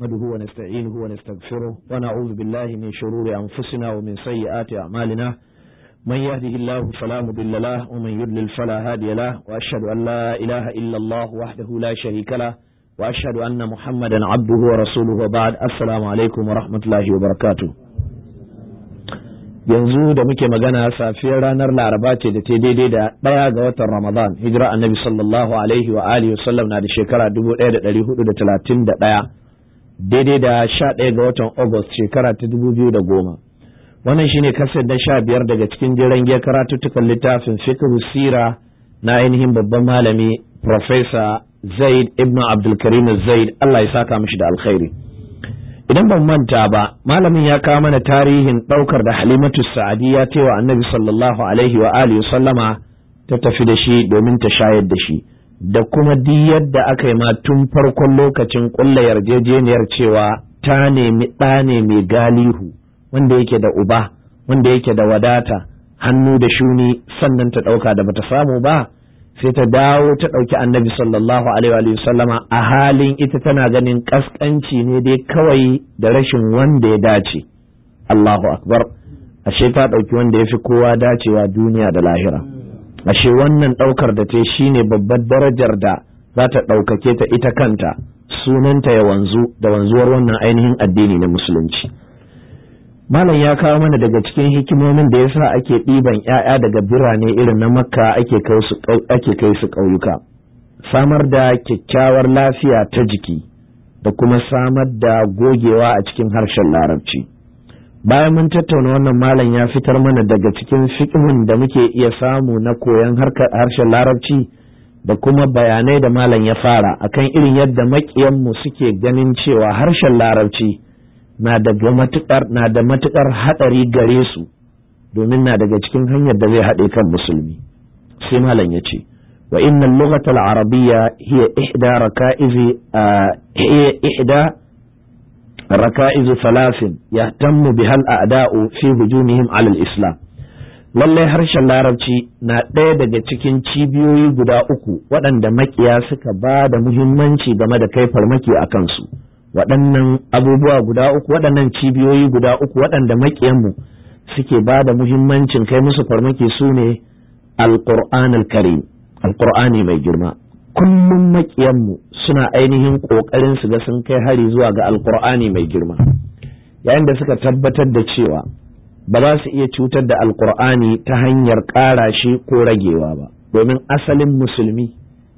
نحمده ونستعينه ونستغفره ونعوذ بالله من شرور أنفسنا ومن سيئات أعمالنا من يهده الله فلا مضل له ومن يضلل فلا هادي له وأشهد أن لا إله إلا الله وحده لا شريك له وأشهد أن محمدا عبده ورسوله وبعد السلام عليكم ورحمة الله وبركاته yanzu da muke magana safiyar ranar laraba ce da ta daidai da ɗaya ga watan ramadan hijira annabi sallallahu alaihi wa alihi wasallam na da shekara 1431 daidai da sha ɗaya ga watan August shekara ta dubu biyu da goma. Wannan shine kasar na sha biyar daga cikin jiran gyar karatuttukan littafin fikiru sira na ainihin babban malami Profesa Zaid Ibn Abdulkarim Zaid Allah ya saka mishi da alkhairi. Idan ban manta ba, malamin ya kawo mana tarihin ɗaukar da Halimatu Sa'adi ya wa Annabi sallallahu alaihi wa alihi sallama ta tafi da shi domin ta shayar da shi. da kuma duk yadda aka yi ma tun farkon lokacin ƙulla yarjejeniyar cewa ta nemi ɗa ne mai galihu wanda yake da uba wanda yake da wadata hannu da shuni sannan ta ɗauka da bata samu ba sai ta dawo ta ɗauki annabi sallallahu alaihi wa sallama a halin ita tana ganin ƙasƙanci ne dai kawai da rashin wanda ya dace Allahu akbar ashe ta ɗauki wanda ya fi kowa dacewa duniya da lahira ashe wannan ɗaukar da ta shi ne babbar darajar da za ta ɗaukake ta ita kanta sunanta ya wanzu da wanzuwar wannan ainihin addini na musulunci malam ya kawo mana daga cikin hikimomin da ya sa ake ɗiban 'ya'ya daga birane irin na makka ake kai su ƙauyuka samar da kyakkyawar lafiya ta jiki da kuma samar da gogewa a cikin harshen larabci bayan mun tattauna wannan malam ya fitar mana daga cikin fikimin da muke iya samu na koyon harshen larabci da kuma bayanai da malam ya fara akan irin yadda maƙiyanmu suke ganin cewa harshen larabci na da matukar haɗari gare su domin na daga cikin hanyar da zai haɗe kan musulmi sai malam ya ce wa inna lughatal arabiyya hiya ihda raka'izi ah, ihda raka'izu salafin yahtammu bihal a'da'u fi hujumihim alal islam lallai harshen larabci na ɗaya daga cikin cibiyoyi guda uku waɗanda makiya suka ba da muhimmanci game da kai farmaki a kansu waɗannan abubuwa guda uku waɗannan cibiyoyi guda uku waɗanda makiyanmu suke ba da muhimmancin kai musu farmaki su ne alƙur'an alƙur'ani mai girma kullum maƙiyanmu suna ainihin ƙoƙarin su ga sun kai hari zuwa ga alƙur'ani mai girma yayin da suka tabbatar da cewa ba za su iya cutar da alƙur'ani ta hanyar ƙara shi ko ragewa ba domin asalin musulmi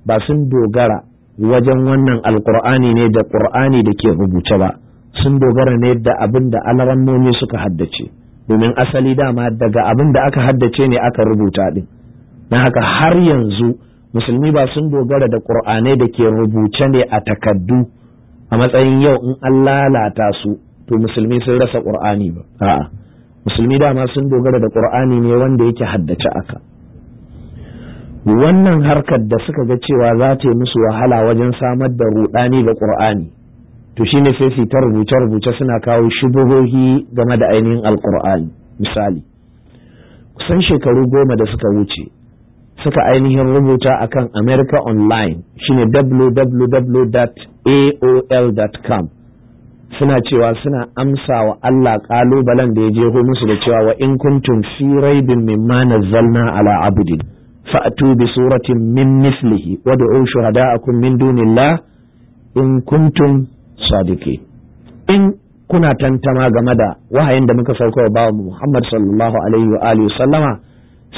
ba sun dogara wajen wannan alƙur'ani ne da ƙur'ani da ke rubuce ba sun dogara ne da abin da alarammomi suka haddace domin asali dama daga abin da aka haddace ne aka rubuta ɗin na haka har yanzu musulmi ba sun dogara da ƙur'anai da ke rubuce ne a takaddu a matsayin yau in an lalata su to musulmi sun rasa ƙur'ani ba a'a musulmi dama sun dogara da ƙur'ani ne wanda yake haddace aka wannan harkar da suka ga cewa za ta yi musu wahala wajen samar da ruɗani ga ƙur'ani to shine sai su ta rubuce rubuce suna kawo shubuhohi game da ainihin alƙur'ani misali kusan shekaru goma da suka wuce suka ainihin rubuta akan America Online shine www.aol.com suna cewa suna amsa wa Allah kalubalen da ya je musu da cewa wa in kuntum fi raibin mimma nazzalna ala abudin fa'atu bi suratin min mislihi wad'u shuhada'akum min dunillah in kuntum sadiqin in kuna tantama game da wahayin da muka sauka wa bawa Muhammad sallallahu alaihi wa alihi sallama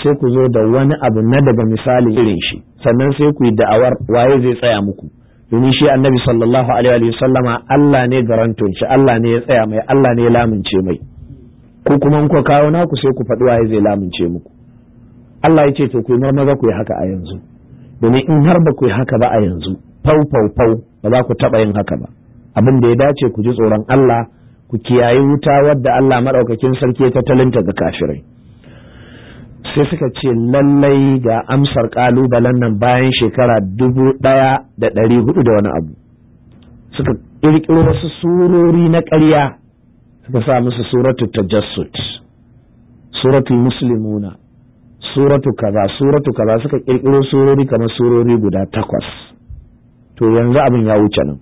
sai ku zo da wani abu na daga misali irin shi sannan sai ku yi da'awar waye zai tsaya muku domin shi annabi sallallahu alaihi sallama Allah ne garanton shi Allah ne ya tsaya mai Allah ne ya lamince mai ku kuma ku kawo naku sai ku faɗi waye zai lamince muku Allah ya ce to ku yi ku yi haka a yanzu domin in har ba ku yi haka ba a yanzu fau fau fau ba za ku taɓa yin haka ba abin da ya dace ku ji tsoron Allah ku kiyaye wuta wadda Allah maɗaukakin sarki ya tattalinta ga kafirai sai suka ce lallai ga amsar kalubalen nan bayan shekara dubu ɗaya da ɗari hudu da wani abu suka ƙirƙiro wasu surori na ƙarya suka sa musu suratu tajassut suratu muslimuna suratu kaza suratu kaza suka ƙirƙiro surori kamar surori guda takwas to yanzu abin ya wuce nan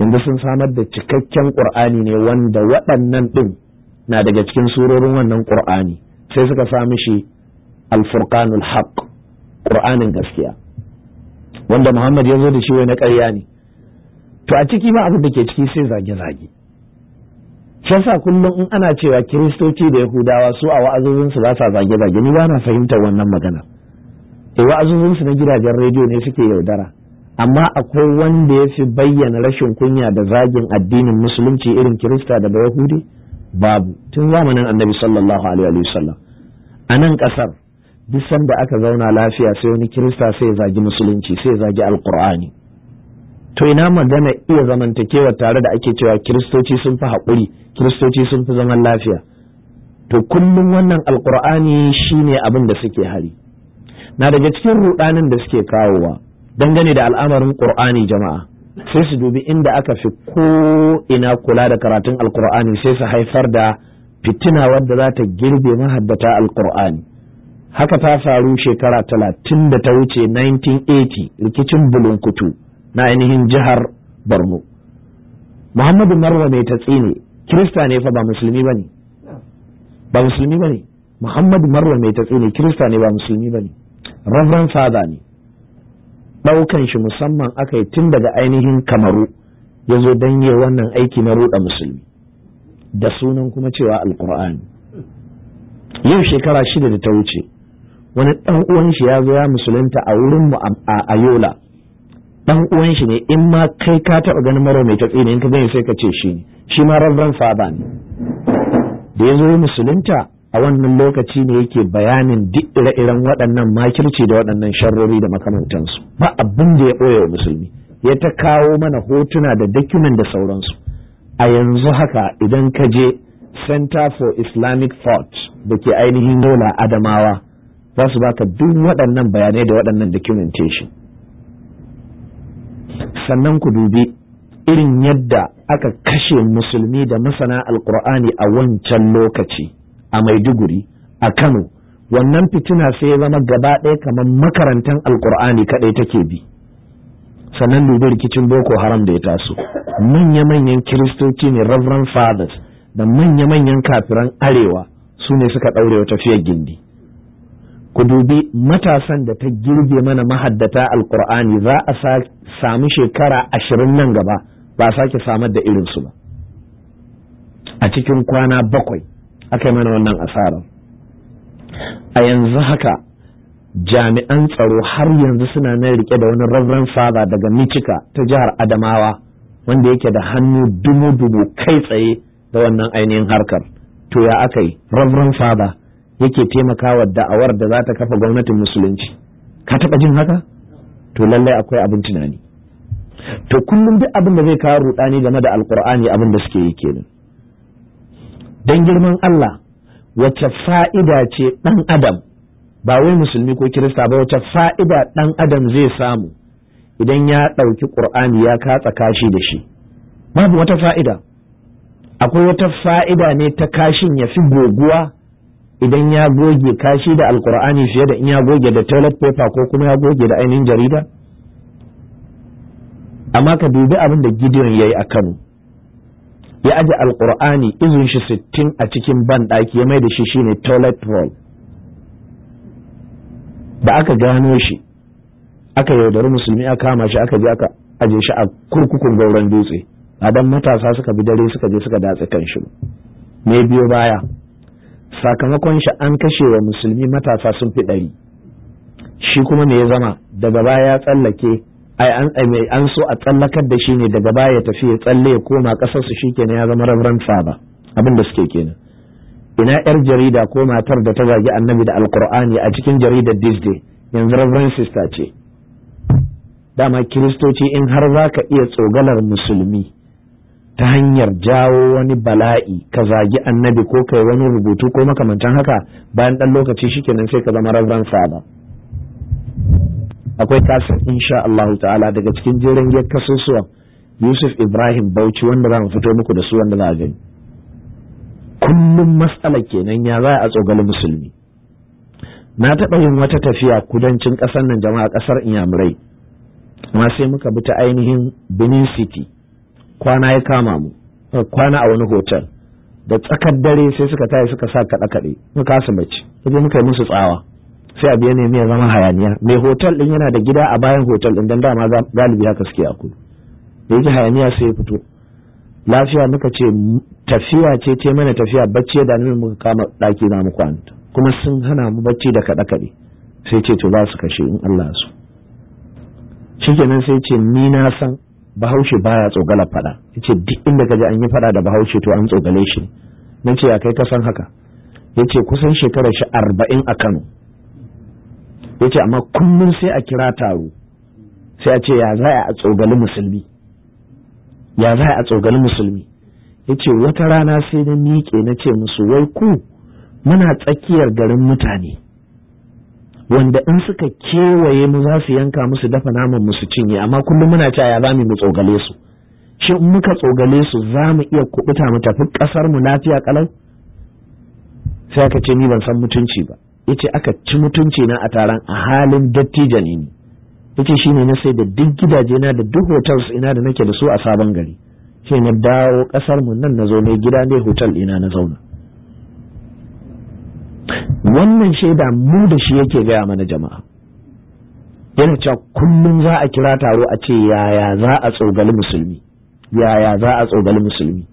yanzu sun samar da cikakken ƙur'ani ne wanda waɗannan ɗin na daga cikin surorin wannan ƙur'ani sai suka sa mishi Alfurkanul haq qur'anin gaskiya wanda muhammad ya zo da shi wai na ƙarya ne to a ciki ma abin da ke ciki sai zage-zage shi sa kullum in ana cewa kiristoci da yahudawa su a wa'azozinsu ba sa zage-zage ni ba na fahimtar wannan magana e wa'azozinsu na gidajen rediyo ne suke yaudara amma akwai wanda ya fi bayyana rashin kunya da zagin addinin musulunci irin kirista da yahudi babu tun zamanin annabi sallallahu alaihi wa sallam a nan kasar duk sanda aka zauna lafiya sai wani kirista sai ya zagi musulunci sai ya zagi alkur'ani to ina magana iya zamantakewa tare da ake cewa kiristoci sun fi haƙuri kiristoci sun fi zaman lafiya to kullum wannan alkur'ani shine abin da suke hari na daga cikin rudanin da suke kawowa dangane da al'amarin qur'ani jama'a sai su dubi inda aka fi ko ina kula da karatun alkur'ani sai su haifar da fitina wadda za ta girbe mahaddata alkur'ani haka ta faru shekara talatin da ta wuce 1980 rikicin bulunkutu na ainihin jihar borno muhammadu marwa mai tatsi ne kirista ne fa ba musulmi ba ne ba musulmi ba ne muhammadu marwa mai tatsi ne kirista ne ba musulmi ba ne reverend father ne ɗaukan shi musamman aka yi tun daga ainihin kamaru ya zo don yi wannan aiki na ruɗa musulmi da sunan kuma cewa alkur'ani yau shekara shida da ta wuce wani ɗan uwan shi ya zo ya musulunta a wurin mu a Ayola ɗan uwan shi ne in ma kai ka taɓa ganin maro mai tatsi ne in ka gani sai ka ce shi shi ma rabban faba ne da ya zo ya musulunta a wannan lokaci ne yake bayanin duk ire-iren waɗannan makirci da waɗannan sharrori da makamantansu ba abin da ya ɓoye wa musulmi ya ta kawo mana hotuna da dakimen da sauransu a yanzu haka idan ka je center for islamic thought da ke ainihin nola adamawa za su baka duk waɗannan bayanai da waɗannan documentation sannan ku dubi irin yadda aka kashe musulmi da masana alkur'ani a wancan lokaci a maiduguri a kano wannan fitina sai ya zama gaba ɗaya kamar makarantar alkur'ani kaɗai take bi sannan dubi rikicin boko haram da ya taso manya-manyan kiristoci ne reverend fathers da manya-manyan kafiran arewa su ne suka ɗaure wa tafiyar gindi ku dubi matasan da ta girbe mana mahaddata alkur'ani za a sami shekara ashirin nan gaba ba sake samar da irinsu ba a cikin kwana bakwai aka yi mana wannan asarar a yanzu haka jami'an tsaro har yanzu suna nan rike da wani reverend father daga michika ta jihar adamawa wanda yake da hannu dubu-dubu kai tsaye da wannan ainihin harkar to ya aka yi reverend father yake taimakawa da'awar da za ta kafa gwamnatin musulunci ka taɓa jin haka to lallai akwai abin tunani to kullum duk abin da zai kawo rudani game da alkur'ani abin da suke yi kenan dan girman Allah wace fa'ida ce dan adam ba wai musulmi ko kirista ba wace fa'ida dan adam zai samu idan ya ɗauki ƙur'ani ya katsa kashi da shi babu wata fa'ida akwai wata fa'ida ne ta kashin ya fi goguwa idan ya goge kashi da alkur'ani fiye da in ya goge da toilet paper ko kuma ya goge da ainihin jarida amma ka dubi abin da gideon ya yi a kano ya aje alkur'ani izin shi sittin a cikin ban ɗaki ya mai da shi shine toilet roll da aka gano shi aka yaudari musulmi aka kama shi aka je aka aje shi a kurkukun gauran dutse a matasa suka bi dare suka je suka datse kan shi ne biyo baya sakamakon shi an kashe wa musulmi matasa sun fi ɗari shi kuma me ya zama daga baya ya tsallake ai an so a tsallakar da shi ne daga baya ya tafi ya tsalle ya koma ƙasar su shikenan ya zama rabran saba abin da suke kenan ina yar jarida ko matar da ta zagi annabi da alkur'ani a cikin jaridar disney yanzu rabran sista ce dama kiristoci in har za ka iya tsogalar musulmi ta hanyar jawo wani bala'i ka zagi annabi ko kai wani rubutu ko makamantan haka bayan ɗan lokaci shikenan sai ka zama rabban saba akwai kasar insha Allah ta'ala daga cikin jerin giyar kasusuwa Yusuf Ibrahim Bauchi wanda za mu fito muku da su wanda za a gani kullum matsala kenan ya za a tsogali musulmi na taɓa yin wata tafiya kudancin ƙasar nan jama'a ƙasar Inyamurai ma sai muka bi ta ainihin Benin City kwana ya kama mu kwana a wani hotel da tsakar dare sai suka tayi suka sa kaɗe kaɗe muka su mace sai muka yi musu tsawa sai abu ya nemi ya zama hayaniya mai hotel din yana da gida a bayan hotel din dan dama galibi haka suke aku. da yake hayaniya sai ya fito lafiya muka ce tafiya ce ce mana tafiya bacci da nan muka kama daki na mu kwanta kuma sun hana mu bacci da kaɗe kaɗe sai ce to za su kashe in Allah su shikenan sai ce ni na san bahaushe baya tsogala fada yace duk inda kaji an yi fada da bahaushe to an tsogale shi nace ya kai ka san haka yace kusan shekarar shi arba'in a Kano yace amma kullum sai a kira taro sai a ce ya za a tsogali musulmi ya za a tsogali musulmi yace wata rana sai na miƙe na ce musu wai ku muna tsakiyar garin mutane wanda in suka kewaye mu za su yanka musu dafa naman musu cinye amma kullum muna cewa ya zamu mu tsogale su shin in muka tsogale su za mu iya kubuta mu tafi kasar mu lafiya kalau sai aka ce ni ban san mutunci ba yace aka ci mutunci na a taron a halin dattijan ne yace shine na sai da duk gidaje na da duk hotels ina da nake da su a sabon gari sai na dawo kasar mu nan na zo mai gida ne hotel ina na zauna wannan shaida mu da shi yake gaya mana jama'a yana cewa kullum za a kira taro a ce yaya za a tsogali musulmi yaya za a tsogali musulmi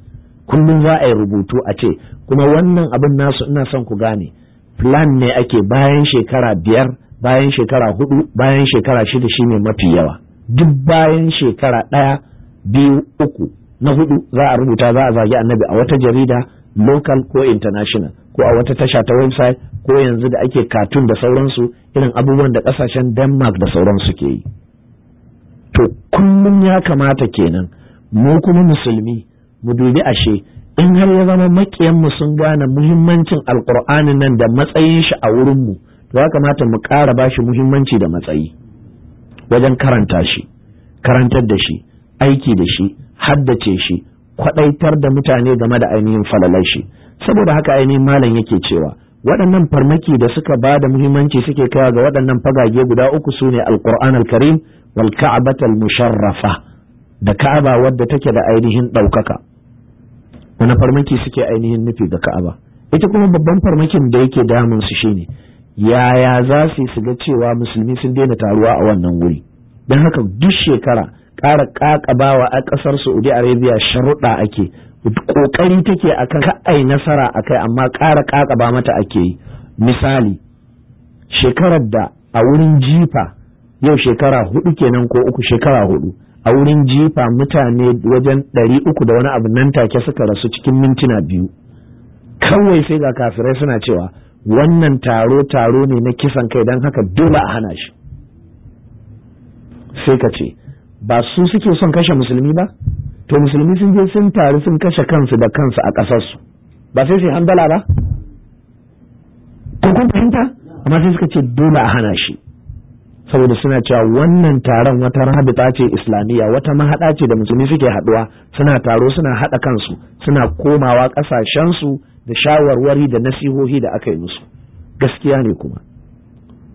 kullum za a yi rubutu a ce kuma wannan abin nasu ina son ku gane plan ne ake bayan shekara biyar bayan shekara hudu bayan shekara shida shine mafi yawa duk bayan shekara ɗaya biyu uku na hudu za a rubuta za a zagi annabi a wata jarida local ko international ko a wata tasha ta website ko yanzu da ake katun da sauransu irin abubuwan da kasashen denmark da sauransu ke yi to kullum ya kamata kenan mu kuma musulmi mu dubi ashe in har ya zama makiyanmu sun gane muhimmancin alkur'ani nan da matsayin shi a wurinmu to ya kamata mu ƙara bashi muhimmanci da matsayi wajen karanta shi karantar da shi aiki da shi haddace shi kwadaitar da mutane game da ainihin falalar shi saboda haka ainihin malam yake cewa waɗannan farmaki da suka ba da muhimmanci suke kaiwa ga waɗannan fagage guda uku su ne alƙur'an alkarim wal ka'abatal musharrafa da ka'aba wadda take da ainihin ɗaukaka wani farmaki suke ainihin nufi ga ka'aba ita kuma babban farmakin da yake damun su shine yaya za su su ga cewa musulmi sun daina taruwa a wannan wuri don haka duk shekara ƙara ƙaƙabawa a ƙasar saudi arabia sharuɗa ake ƙoƙari take akan ka'ai nasara akai amma ƙara ƙaƙaba mata ake yi misali shekarar da a wurin jifa yau shekara hudu kenan ko uku shekara hudu a wurin jifa mutane wajen ɗari uku da wani abu nan take suka rasu cikin mintuna biyu kawai sai ga kafirai suna cewa wannan taro taro ne na kisan kai don haka dole a hana shi sai ka ce ba su suke son kashe musulmi ba to musulmi sun je sun taru sun kashe kansu da kansu a ƙasarsu ba sai sai handala ba kun fahimta amma sai suka ce dole a hana shi saboda suna cewa wannan taron wata rahabita ce islamiyya wata mahaɗa ce da musulmi suke haɗuwa suna taro suna haɗa kansu suna komawa ƙasashensu da shawarwari da nasihohi da aka yi musu gaskiya ne kuma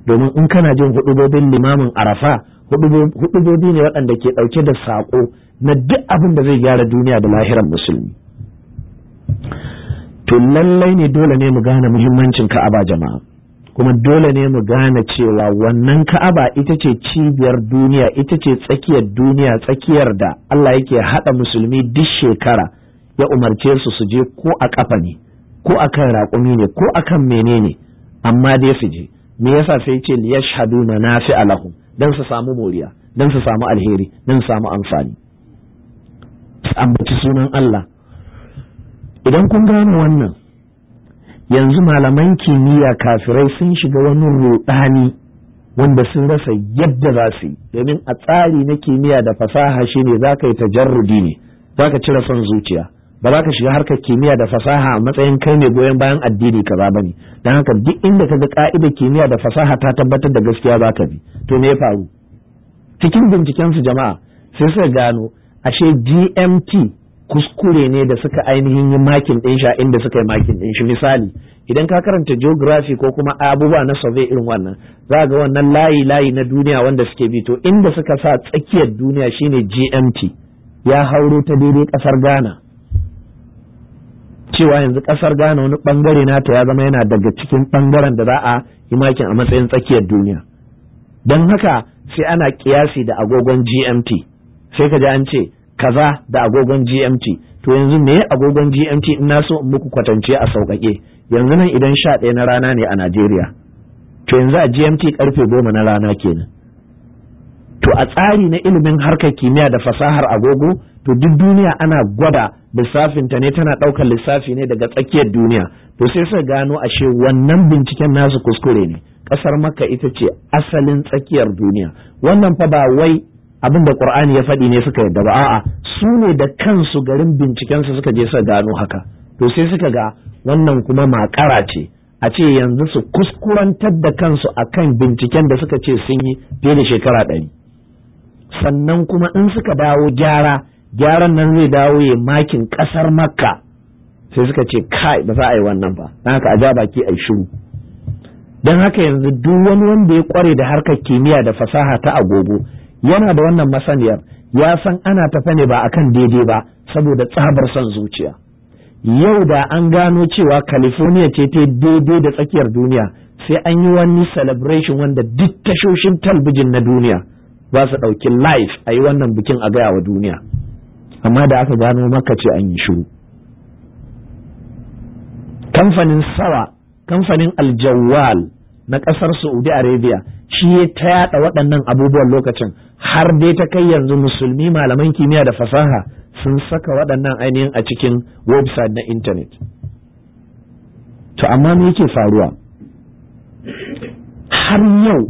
domin in kana jin hudubobin limamin arafa hudubobi ne waɗanda ke ɗauke da saƙo na duk abin da zai gyara duniya da lahiran musulmi to lallai ne dole ne mu gane muhimmancin ka'aba jama'a kuma dole ne mu gane cewa wannan ka'aba ita ce cibiyar duniya ita ce tsakiyar duniya tsakiyar da Allah yake haɗa musulmi duk shekara ya umarce su su je ko a ƙafa ne ko akan raƙumi ne ko akan menene amma dai su je me yasa sai ce liyashhadu manafi'a lahum dan su samu moriya dan su samu alheri dan su samu amfani su ambaci sunan Allah idan kun gane wannan yanzu malaman kimiyya kafirai sun shiga wani rudani wanda sun rasa yadda za su yi domin a tsari na kimiyya da fasaha shine za ka yi tajarrudi ne za ka cire son zuciya ba za ka shiga harkar kimiyya da fasaha a matsayin kai ne goyon bayan addini ka kaza bane Don haka duk inda ka ga ka'idar kimiyya da fasaha ta tabbatar da gaskiya za ka bi to me ya faru cikin binciken su jama'a sai suka gano ashe GMT kuskure ne da suka ainihin yi makin din shi inda suka yi makin ɗin shi misali idan ka karanta geography ko kuma abubuwa na survey irin wannan za ga wannan layi layi na duniya wanda suke bi to inda suka sa tsakiyar duniya shine GMT ya hauro ta daidai kasar Ghana cewa yanzu kasar Ghana wani bangare ta ya zama yana daga cikin bangaren da za a yi makin a matsayin tsakiyar duniya don haka sai ana kiyasi da agogon GMT sai ka ji an ce kaza da agogon GMT to yanzu me agogon GMT in na so in muku kwatance a sauƙaƙe yanzu nan idan sha ɗaya na rana ne a Najeriya to yanzu a GMT karfe goma na rana kenan to a tsari na ilimin harkar kimiyya da fasahar agogo to duk duniya ana gwada lissafinta ne tana ɗaukar lissafi ne daga tsakiyar duniya to sai suka gano ashe wannan binciken nasu kuskure ne ƙasar makka ita ce asalin tsakiyar duniya wannan fa ba wai abin da qur'ani ya faɗi ne suka yadda ba a'a su ne da kansu garin bincikensu suka je suka gano haka to sai suka ga wannan kuma makara ce a ce yanzu su kuskurantar da kansu akan binciken da suka ce sun yi fiye da shekara ɗari sannan kuma in suka dawo gyara gyaran nan zai dawo ya makin ƙasar makka sai suka ce kai ba za a yi wannan ba don haka a ja baki a shiru don haka yanzu duk wani wanda ya kware da harkar kimiyya da fasaha ta agogo yana da wannan masaniyar ya san ana tafe ne ba akan daidai ba saboda tsabar son zuciya yau da an gano cewa california ce ta daidai da tsakiyar duniya sai an yi wani celebration wanda duk tashoshin talbijin na duniya za su ɗauki live a yi wannan bikin a gaya wa duniya amma da aka gano maka ce an yi shiru kamfanin sawa kamfanin aljawal na kasar saudi arabia shi ya ta yaɗa waɗannan abubuwan lokacin har dai ta kai yanzu musulmi malaman kimiyya da fasaha sun saka waɗannan ainihin a cikin website na intanet to amma me yake faruwa har yau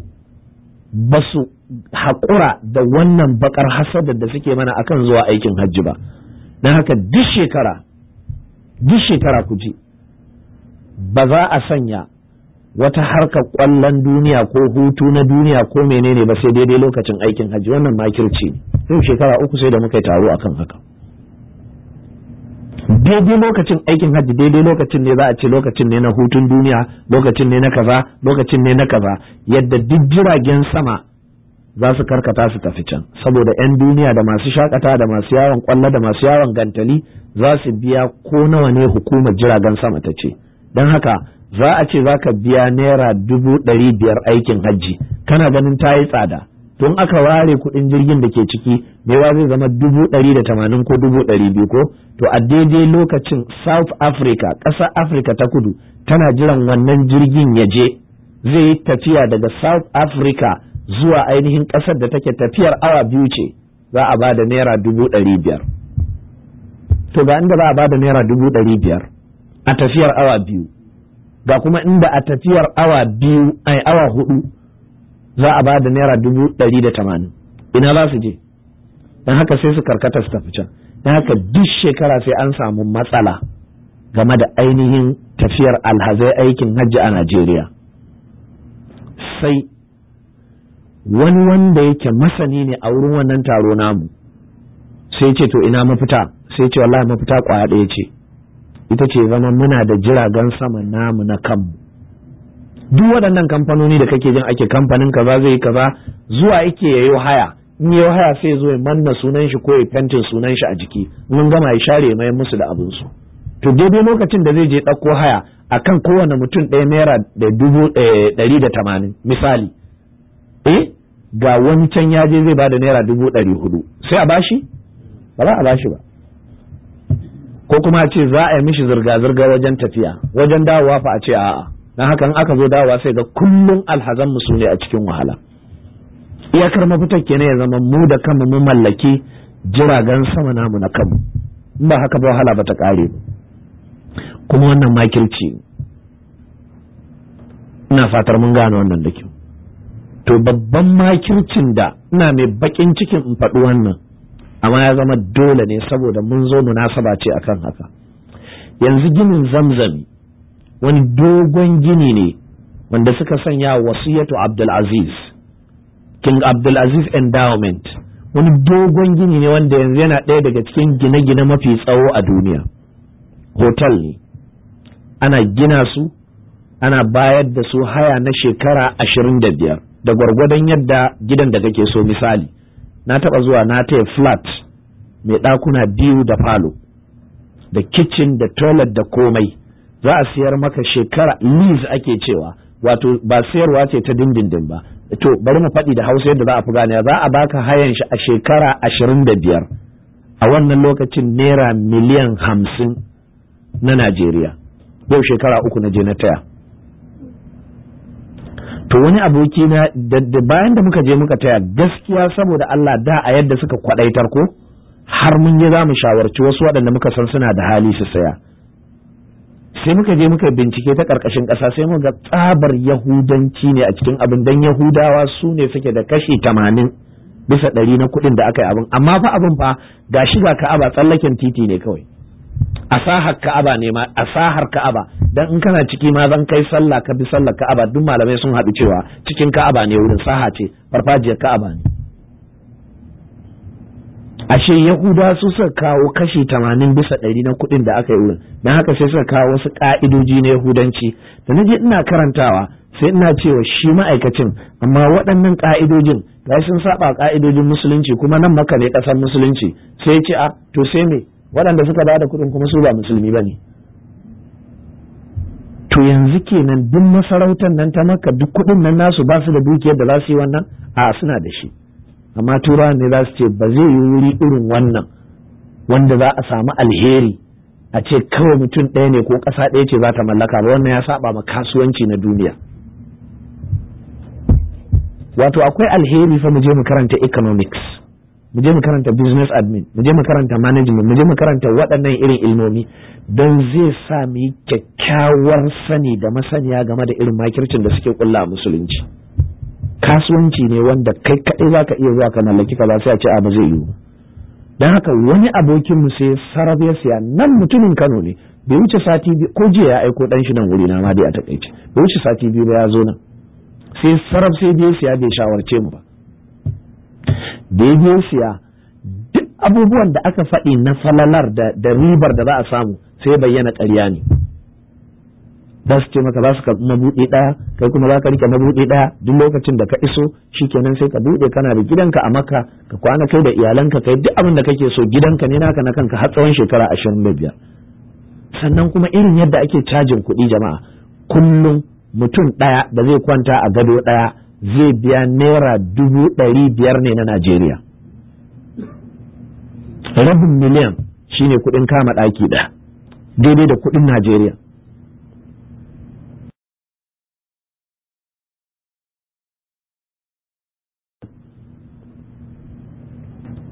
ba su haƙura da wannan bakar hasadar da suke mana akan zuwa aikin hajji ba don haka duk shekara duk shekara ku ji ba za a sanya wata harka ƙwallon duniya ko hutu na duniya ko menene ba sai daidai lokacin aikin hajji wannan makirci ne yau shekara uku sai da muka yi taro akan haka daidai lokacin aikin hajji daidai lokacin ne za a ce lokacin ne na hutun duniya lokacin ne na kaza lokacin ne na kaza yadda duk jiragen sama za su karkata su tafi can saboda 'yan duniya da masu shakata da masu yawon kwallo da masu yawon gantali za su biya ko nawa ne hukumar jiragen sama ta ce don haka za a ce za ka biya naira dubu ɗari biyar aikin hajji kana ganin ta yi tsada tun aka ware kuɗin jirgin da ke ciki maiwa zai zama dubu ɗari da tamanin ko dubu ɗari biyu ko to a daidai lokacin south africa ƙasa africa ta kudu tana jiran wannan jirgin ya je zai yi tafiya daga south africa zuwa ainihin ƙasar da take tafiyar awa biyu ce za a ba da naira dubu ɗari biyar to ga inda za a ba da naira dubu ɗari biyar a tafiyar awa biyu ga kuma inda a tafiyar awa biyu ai awa hudu za a ba da naira dubu ɗari da tamanin ina za su je don haka sai su karkata su tafi can don haka duk shekara sai an samu matsala game da ainihin tafiyar alhazai aikin hajji a najeriya sai wani wanda yake masani ne a wurin wannan taro namu sai ce to ina mafita sai ce wallahi mafita kwaya ɗaya ce ita ce zama muna da jiragen sama namu na kanmu duk waɗannan kamfanoni da kake jin ake kamfanin kaza zai yi kaza zuwa yake yayo haya in yayo haya sai zo ya manna sunan shi ko ya fentin sunan shi a jiki mun gama ya share mai musu da abin su to daidai lokacin da zai je ɗauko haya akan kowane mutum ɗaya naira da dubu eh, ɗari da tamanin misali eh ga wancan ya je zai ba da naira dubu ɗari hudu sai a bashi ba za a bashi ba ko kuma a ce za a yi mishi zirga-zirga wajen tafiya wajen dawowa fa a ce a'a na haka in aka zo dawowa sai ga kullum alhazan mu ne a cikin wahala iyakar mafitar ne ya zama mu da kanmu mu mallaki jiragen sama namu na kanmu in ba haka ba wahala ba ta kare kuma wannan makirci ina fatar mun gane wannan da kyau to babban makircin da ina mai bakin cikin in faɗi wannan amma ya zama dole ne saboda mun zo mu munasaba ce akan haka yanzu ginin zamzami wani dogon gini ne wanda suka sanya wasiyatu abdulaziz king abdulaziz endowment wani dogon gini ne wanda yanzu yana ɗaya daga cikin gine-gine mafi tsawo a duniya hotel ne ana gina su ana bayar da su haya na shekara ashirin da biyar da gwargwadon yadda gidan da kake so misali na taba zuwa na taya flat mai ɗakuna biyu da falo da kitchen da toilet da komai za a siyar maka shekara lease ake cewa wato ba sayarwa ce ta dindindin ba to bari mu faɗi da hausa yadda za a fi gane za a baka hayan shi a shekara ashirin da biyar a wannan lokacin naira miliyan hamsin na najeriya yau shekara uku na je na taya to wani aboki na da bayan da muka je muka taya gaskiya saboda Allah da a yadda suka kwadaitar ko har mun yi zamu shawarci wasu waɗanda muka san suna da hali su saya sai muka je muka bincike ta karkashin ƙasa sai muka tsabar yahudanci ne a cikin abin dan yahudawa su ne suke da kashi tamanin bisa ɗari na kuɗin da aka yi abin amma fa abin fa ga shi ga ka'aba tsallaken titi ne kawai A asahar ka'aba ne ma a sahar ka'aba dan in kana ciki ma zan kai sallah ka bi sallar ka'aba duk malamai sun haɗu cewa cikin ka'aba ne wurin saha ce farfajiyar ka'aba ne ashe yahuda su suka kawo kashi tamanin bisa ɗari na kuɗin da aka yi wurin don haka sai suka kawo wasu ka'idoji na yahudanci da naje ina karantawa sai ina cewa shi ma'aikacin amma waɗannan ka'idojin ga sun saba ka'idojin musulunci kuma nan maka ne ƙasar musulunci sai ya ce a to sai me waɗanda suka ba da kuɗin kuma su ba musulmi ba ne to yanzu kenan duk masarautar nan ta maka duk kuɗin nan nasu ba su da dukiyar da za su yi wannan a suna da shi amma turawa ne za su ce ba zai yi wuri irin wannan wanda za a samu alheri a ce kawai mutum ɗaya ne ko ƙasa ɗaya ce za ta mallaka ba wannan ya saba ma kasuwanci na duniya wato akwai alheri fa mu je mu karanta economics mu je mu karanta business admin mu je mu karanta management mu je mu karanta waɗannan irin ilmomi don zai sa mu yi kyakkyawar sani da masaniya game da irin makircin da suke kulla a musulunci kasuwanci ne wanda kai kaɗai za ka iya zuwa ka mallaki ka ba su a ce a ba zai yiwu don haka wani abokin mu sai sarrafa ya siya nan mutumin Kano ne bai wuce sati biyu ko jiya ya aiko dan shi nan wuri na ma dai a takaice bai wuce sati biyu ba ya zo nan sai sarrafa sai biyu siya bai shawarce mu ba da ya duk abubuwan da aka faɗi na falalar da ribar da za a samu sai bayyana ƙarya ne ba su ce maka za su ka mabuɗi ɗaya kai kuma za ka rike mabuɗe ɗaya duk lokacin da ka iso shikenan sai ka buɗe kana da gidanka a maka ka kwana kai da iyalanka kai duk abin da kake so gidanka ne naka na kanka har tsawon shekara ashirin da biyar sannan kuma irin yadda ake cajin kuɗi jama'a kullum mutum ɗaya da zai kwanta a gado ɗaya zai biya naira dubu ɗari biyar ne na najeriya rabin miliyan shine kuɗin kama ɗaki ɗaya daidai da kuɗin najeriya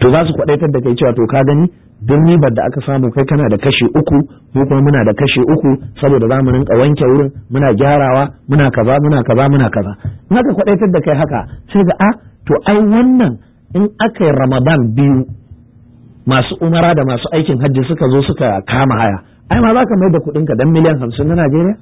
to za su kwaɗaitar da kai cewa to ka gani don ribar da aka samu kai kana da kashe uku mu kuma muna da kashe uku saboda za mu rinka wanke wurin muna gyarawa muna kaza muna kaza muna kaza in aka kwadaitar da kai haka sai ga a ah, to ai wannan in aka yi ramadan biyu masu umara da masu aikin hajji suka zo suka kama haya ai ma za ka mai da ka dan miliyan hamsin na najeriya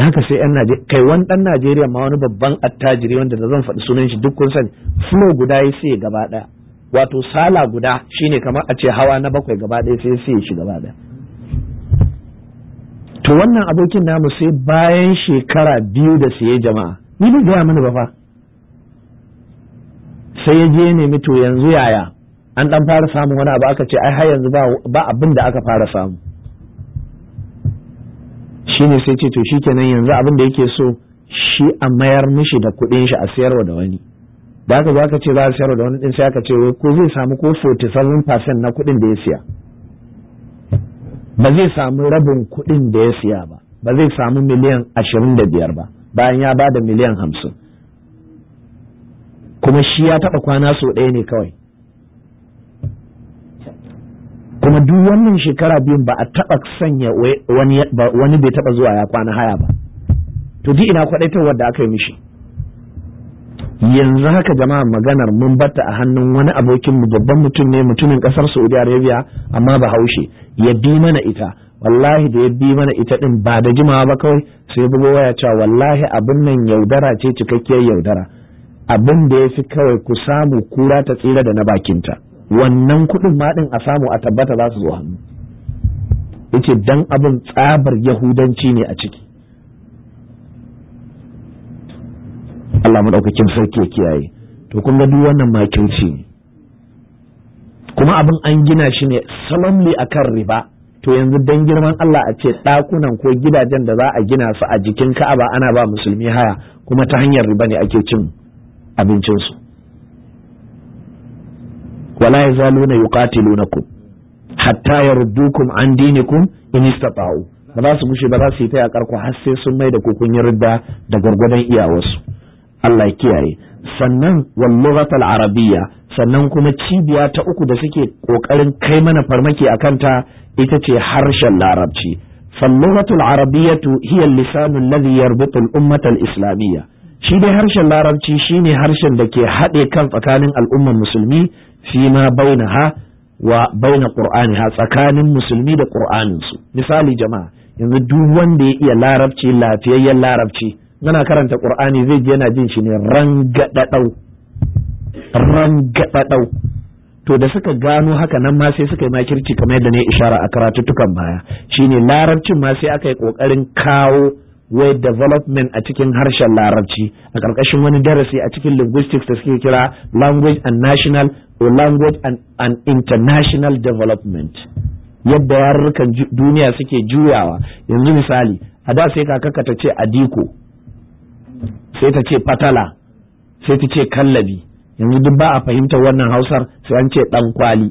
da haka sai yan najeriya kai wani dan najeriya ma wani babban attajiri wanda da zan faɗi sunan shi duk kun sani flow guda ya sai gaba ɗaya wato sala guda shine kamar a ce hawa na bakwai gaba ɗaya sai sai shi gaba ɗaya to wannan abokin namu sai bayan shekara biyu da siye jama'a ni bai gaya mana ba fa sai ya je nemi to yanzu yaya an dan fara samun wani abu aka ce ai har yanzu ba abin da aka fara samu shine sai ce to shikenan yanzu abin da yake so shi a mayar mishi da kuɗin shi a sayarwa da wani da aka za ka ce za a sayar da wani ɗin sai aka ce ko zai samu ko 47% na kuɗin da ya siya ba zai samu rabin kuɗin da ya siya ba ba zai samu miliyan 25 ba bayan ya ba da miliyan 50 kuma shi ya taɓa kwana sau ɗaya ne kawai kuma duk wannan shekara biyun ba a taɓa sanya wani bai taɓa zuwa ya kwana haya ba to duk ina kwaɗaitarwar da aka yi mishi yanzu haka jama'a maganar mun batta a hannun wani abokin mu babban mutum ne mutumin kasar Saudi Arabia amma ba haushe ya bi mana ita wallahi da ya bi mana ita din ba da jimawa ba kawai sai bugo waya cewa wallahi abin nan yaudara ce cikakkiyar yaudara abin da ya fi kawai ku samu kura ta tsira da na bakinta wannan kuɗin ma din a samu a tabbata za su zo hannu yace dan abin tsabar yahudanci ne a ciki Allah madaukakin sarki ya kiyaye to kun ga duk wannan makirci ne kuma abin an gina shi ne salamli kan riba to yanzu dan girman Allah a ce ɗakunan ko gidajen da za a gina su a jikin Ka'aba ana ba musulmi haya kuma ta hanyar riba ne ake cin abincinsu wala yazaluna yuqatilunakum hatta yardukum an dinikum in istata'u ba za su bushe ba za su yi ta yakar ku har sai sun mai da ku kun yarda da gwargwadon iyawarsu Allah ya kiyaye sannan wal arabiyya sannan kuma cibiya ta uku da suke kokarin kai mana farmaki akan ta ita ce harshen larabci فاللغة العربية هي اللسان الذي يربط الأمة islamiyya. shi dai harshen larabci shine harshen da ke haɗe kan tsakanin al'ummar musulmi fi ma baina ha wa baina qur'ani ha tsakanin musulmi da qur'anin su misali jama'a yanzu duk wanda ya iya larabci lafiyayyen larabci yana karanta qur'ani zai je yana jin shi ne rangadadau rangadadau to da suka gano haka nan ma sai suka yi makirci kamar yadda ne ishara a karatuttukan baya shine larabcin ma sai aka yi kokarin kawo wai development a cikin harshen larabci a ƙarƙashin wani darasi a cikin linguistics da suke kira language and national or language and, and international development yadda yarurrukan duniya suke juyawa yanzu misali a da sai kakaka ta ce adiko sai ta ce fatala sai ta ce kallabi yanzu duk ba a fahimtar wannan hausar sai an ce dan kwali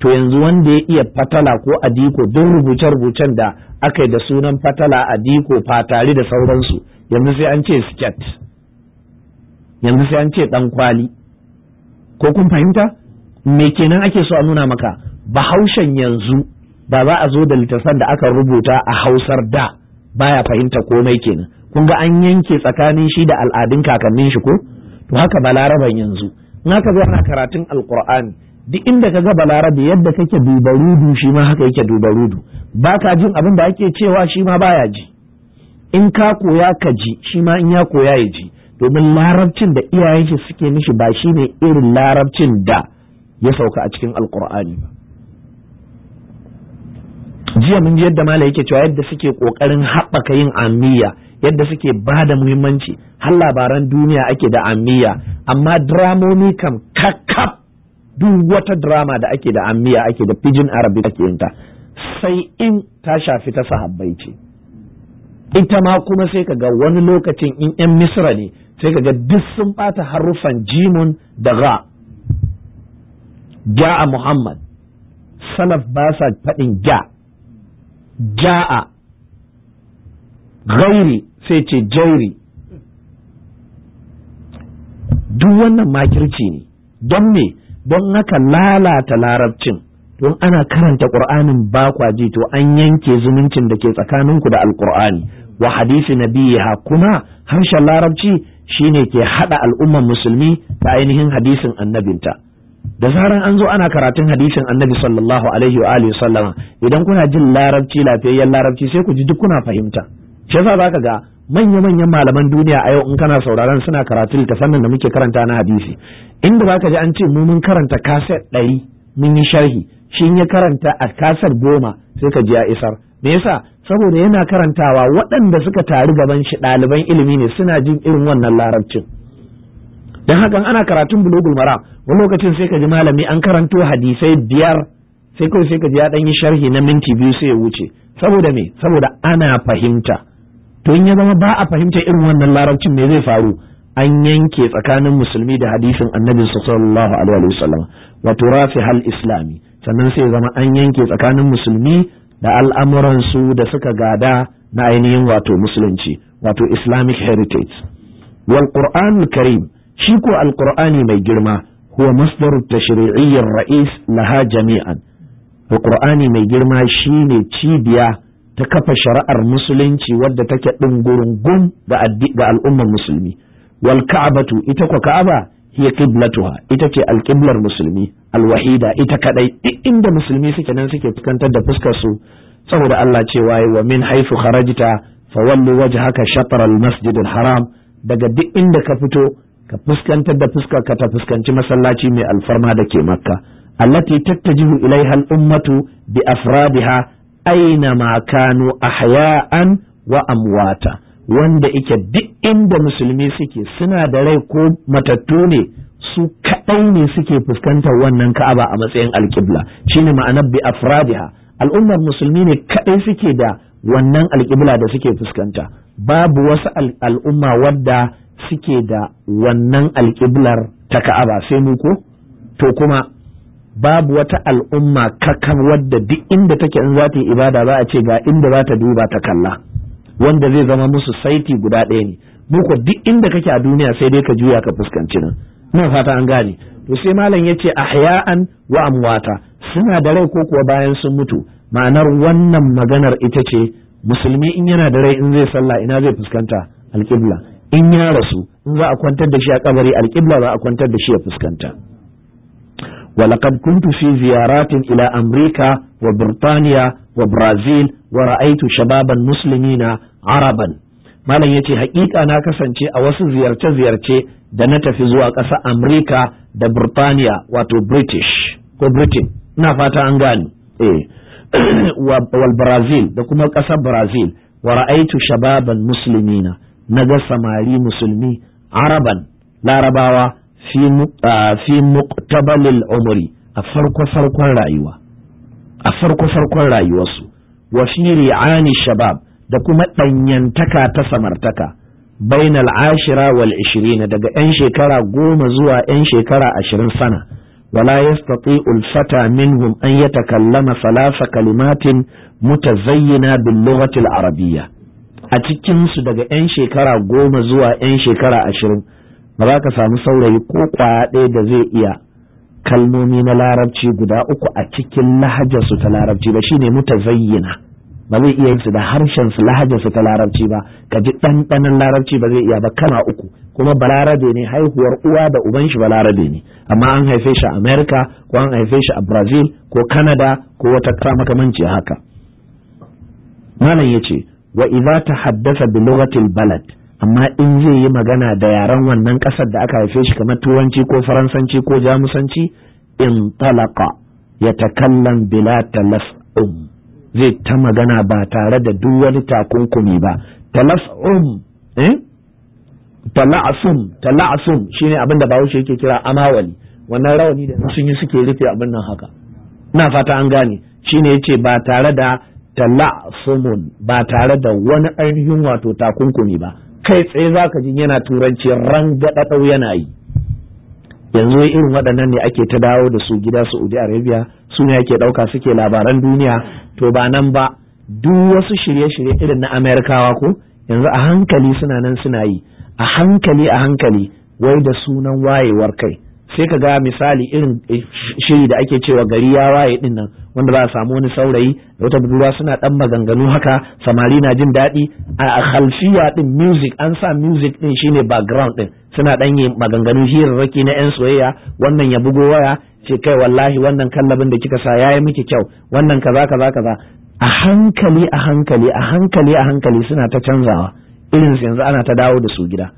to yanzu wanda ya iya fatala ko adiko duk rubuce-rubucen da aka yi da sunan fatala adiko fatari da sauransu yanzu sai an ce skirt yanzu sai an ce dan kwali ko kun fahimta me kenan ake so a nuna maka bahaushen yanzu ba za a zo da littattafan da aka rubuta a hausar da baya fahimta komai kenan kun ga an yanke tsakanin shi da al'adun kakannin shi ko to haka balaraban yanzu naka ka zo ana karatun alqur'ani duk inda ka ga balarabe yadda kake dubarudu shi ma haka yake dubarudu ba ka jin abin da ake cewa shi ma baya ji in ka koya ka ji shi ma in ya koya ya ji domin larabcin da iyayen shi suke mishi ba shi ne irin larabcin da ya sauka a cikin alqur'ani ba jiya mun ji yadda malai yake cewa yadda suke kokarin haɓaka yin amiya yadda suke ba da muhimmanci har labaran duniya ake da amiya amma dramomi kam kakkaf duk wata drama da ake da amiya ake da pidgin arabic ake yin ta sai in ta shafi ta sahabbai ce ita ma kuma sai ka ga wani lokacin in yan misra ne sai ka ga duk sun bata haruffan jimun da ga ja'a muhammad salaf ba sa faɗin ja ja'a ghairi sai ce jairi duk wannan makirci ne don me don haka lalata larabcin don ana karanta ƙur'anin bakwaji to an yanke zumuncin da ke tsakaninku da alƙur'ani wa hadisi na nabiha kuma harshen larabci shine ke haɗa al'umman musulmi ta ainihin hadisin annabinta da zaran an zo ana karatun hadisin annabi sallallahu alaihi wa alihi sallama idan kuna jin larabci lafiyayyen larabci sai ku ji duk kuna fahimta shi yasa zaka ga manya-manyan malaman duniya a yau in kana sauraron suna karatu sannan da muke karanta na hadisi inda ba ka ji an ce mu mun karanta kaset ɗari mun yi sharhi shi ya karanta a kaset goma sai ka ji ya isar me yasa saboda yana karantawa waɗanda suka taru gaban shi ɗaliban ilimi ne suna jin irin wannan larabcin don hakan ana karatun bulugul mara wani lokacin sai ka ji malami an karanto hadisai biyar sai kawai sai ka ji ya ɗan yi sharhi na minti biyu sai ya wuce saboda me saboda ana fahimta to in ya zama ba a fahimta irin wannan larabcin me zai faru an yanke tsakanin musulmi da hadisin annabi sallallahu alaihi wasallam wa turafi hal islami sannan sai zama an yanke tsakanin musulmi da al'amuran su da suka gada na ainihin wato musulunci wato islamic heritage wal qur'an karim shi ko alqur'ani mai girma huwa masdar tashri'iyyar ra'is laha jami'an alqur'ani mai girma shine cibiya ta kafa shari'ar musulunci wadda take ɗin gurungun ga al'ummar musulmi wal ka'abatu ita kwa ka'aba hiya qiblatuha ita ce alqiblar musulmi alwahida ita kadai duk inda musulmi suke nan suke fuskantar da fuskar su saboda Allah cewa wa min haifu kharajta fawallu wajhaka shatr almasjid alharam daga duk inda ka fito ka fuskantar da fuskar ka ta fuskanci masallaci mai alfarma da ke makka allati tattajihu ilaiha hal ummatu bi afradiha aina ma kanu ahya'an wa amwata wanda ike duk inda musulmi suke suna da rai ko matattu ne su kaɗai ne suke fuskantar wannan ka'aba a matsayin alƙibla shine ma'anar bi afradiha al'ummar musulmi ne kaɗai suke da wannan alƙibla da suke fuskanta babu wasu al'umma wadda suke da wannan alƙiblar ta ka'aba sai mu ko to kuma babu wata al'umma kakar wadda duk inda take in zata yi ibada za a ce ga inda za ta duba ta kalla wanda zai zama musu saiti guda ɗaya ne muku duk inda kake a duniya sai dai ka juya ka fuskanci nan ina fata an gane to sai malam ce ahya'an wa amwata suna da rai ko kuwa bayan sun mutu ma'anar wannan maganar ita ce musulmi in yana da rai in zai sallah ina zai fuskanta alƙibla in ya rasu in za a kwantar da shi a kabari alƙibla za a kwantar da shi ya fuskanta ولقد كنت في زيارات إلى أمريكا وبريطانيا وبرازيل ورأيت شبابا مسلمين عربا malam ya ce haƙiƙa na kasance a wasu ziyarce-ziyarce da na tafi zuwa ƙasa Amurka da Burtaniya wato British ko Britain ina fata an gani eh Brazil da kuma ƙasar Brazil wa ra'aitu shababan muslimina na ga samari musulmi araban larabawa fi muqtabalil umri a farko farkon rayuwa a farko farkon rayuwarsu wa fi ri'ani shabab da kuma ɗanyantaka ta samartaka bainal ashira wal ishirina daga 'yan shekara goma zuwa 'yan shekara ashirin sana wala yastati'u al minhum an yatakallama salasa kalimatin mutazayyina bil lughati al-arabiyya a cikin su daga 'yan shekara goma zuwa 'yan shekara ashirin ba za ka samu saurayi ko kwaya ɗaya da zai iya kalmomi na larabci guda uku a cikin lahajarsu ta larabci ba shine mutazayyina ba zai iya yin su da harshen su lahajar ta larabci ba ka ji ɗanɗanon larabci ba zai iya ba kana uku kuma balarabe ne haihuwar uwa da uban shi balarabe ne amma an haife shi a america ko an haife shi a brazil ko canada ko wata kasa makamanci haka malam yace wa idza haddasa bi lughatil balad amma in zai yi magana da yaren wannan ƙasar da aka haife shi kamar turanci ko faransanci ko jamusanci in talaka ya takallan bila um zai ta magana ba tare da duk wani takunkumi ba talas'um eh tala'asum shine abin da bahaushe yake kira amawali wannan rawani da sun yi suke rufe abin nan haka ina fata an gane shine yace ba tare da tala'sumun ba tare da wani ainihin wato takunkumi ba kai tsaye za ka jin yana turanci rangadadau yana yi yanzu irin waɗannan ne ake ta dawo da su gida saudi arabia su ne ake ɗauka suke labaran duniya to ba nan ba duk wasu shirye-shirye irin na amerikawa ko yanzu a hankali suna nan suna yi a hankali a hankali wai da sunan wayewar kai sai ka ga misali irin eh, shiri da ake cewa gari ya waye din nan wanda za a samu wani saurayi da wata budurwa suna dan maganganu haka samari na jin daɗi a khalfiya din music an sa music din shine background din suna dan yin maganganu hirarraki na yan soyayya wannan ya bugo waya ce kai wallahi wannan kallabin da kika sa yayi miki kyau wannan kaza kaza kaza a hankali a hankali a hankali a hankali suna ta canzawa irin yanzu ana ta dawo da su gida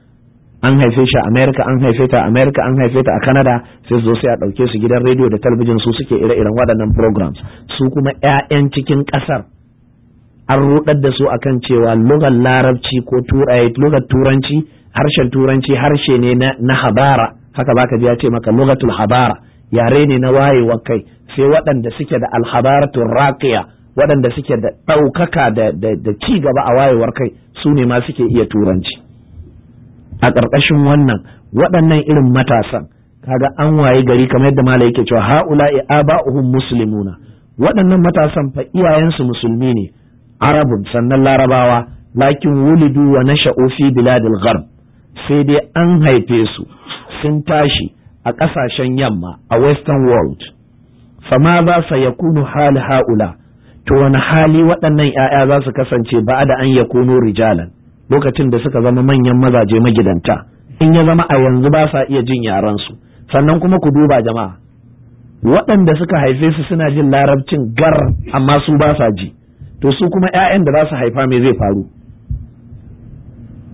an haife shi a america an haife ta a america an haife ta a canada sai zo sai a ɗauke su gidan rediyo da talabijin su suke ire-iren waɗannan programs su kuma 'ya'yan cikin ƙasar an ruɗar da su akan cewa lugar larabci ko eh, lugar turanci harshen turanci harshe ne na habara haka baka ji ya ce maka lugatul habara yare ne na wayewar kai sai waɗanda suke da alhabaratun raqiya waɗanda suke da ɗaukaka da ci gaba a wayewar kai su ne ma suke iya turanci a ƙarƙashin wannan waɗannan irin matasan kaga an waye gari kamar yadda malai yake cewa ha'ula'i aba'uhum muslimuna waɗannan matasan fa iyayensu musulmi ne arabun sannan larabawa lakin wulidu wa nasha'u fi biladil gharb sai dai an haife su sun tashi a ƙasashen yamma a western world ma za sa yakunu hali ha'ula to wani hali waɗannan 'ya'ya za su kasance ba da an yakunu rijalan lokacin da suka zama manyan mazaje magidanta in ya zama a yanzu ba sa iya jin yaran su sannan kuma ku duba jama'a waɗanda suka haife su suna jin larabcin gar amma su ba sa ji to su kuma 'ya'yan da za su haifa me zai faru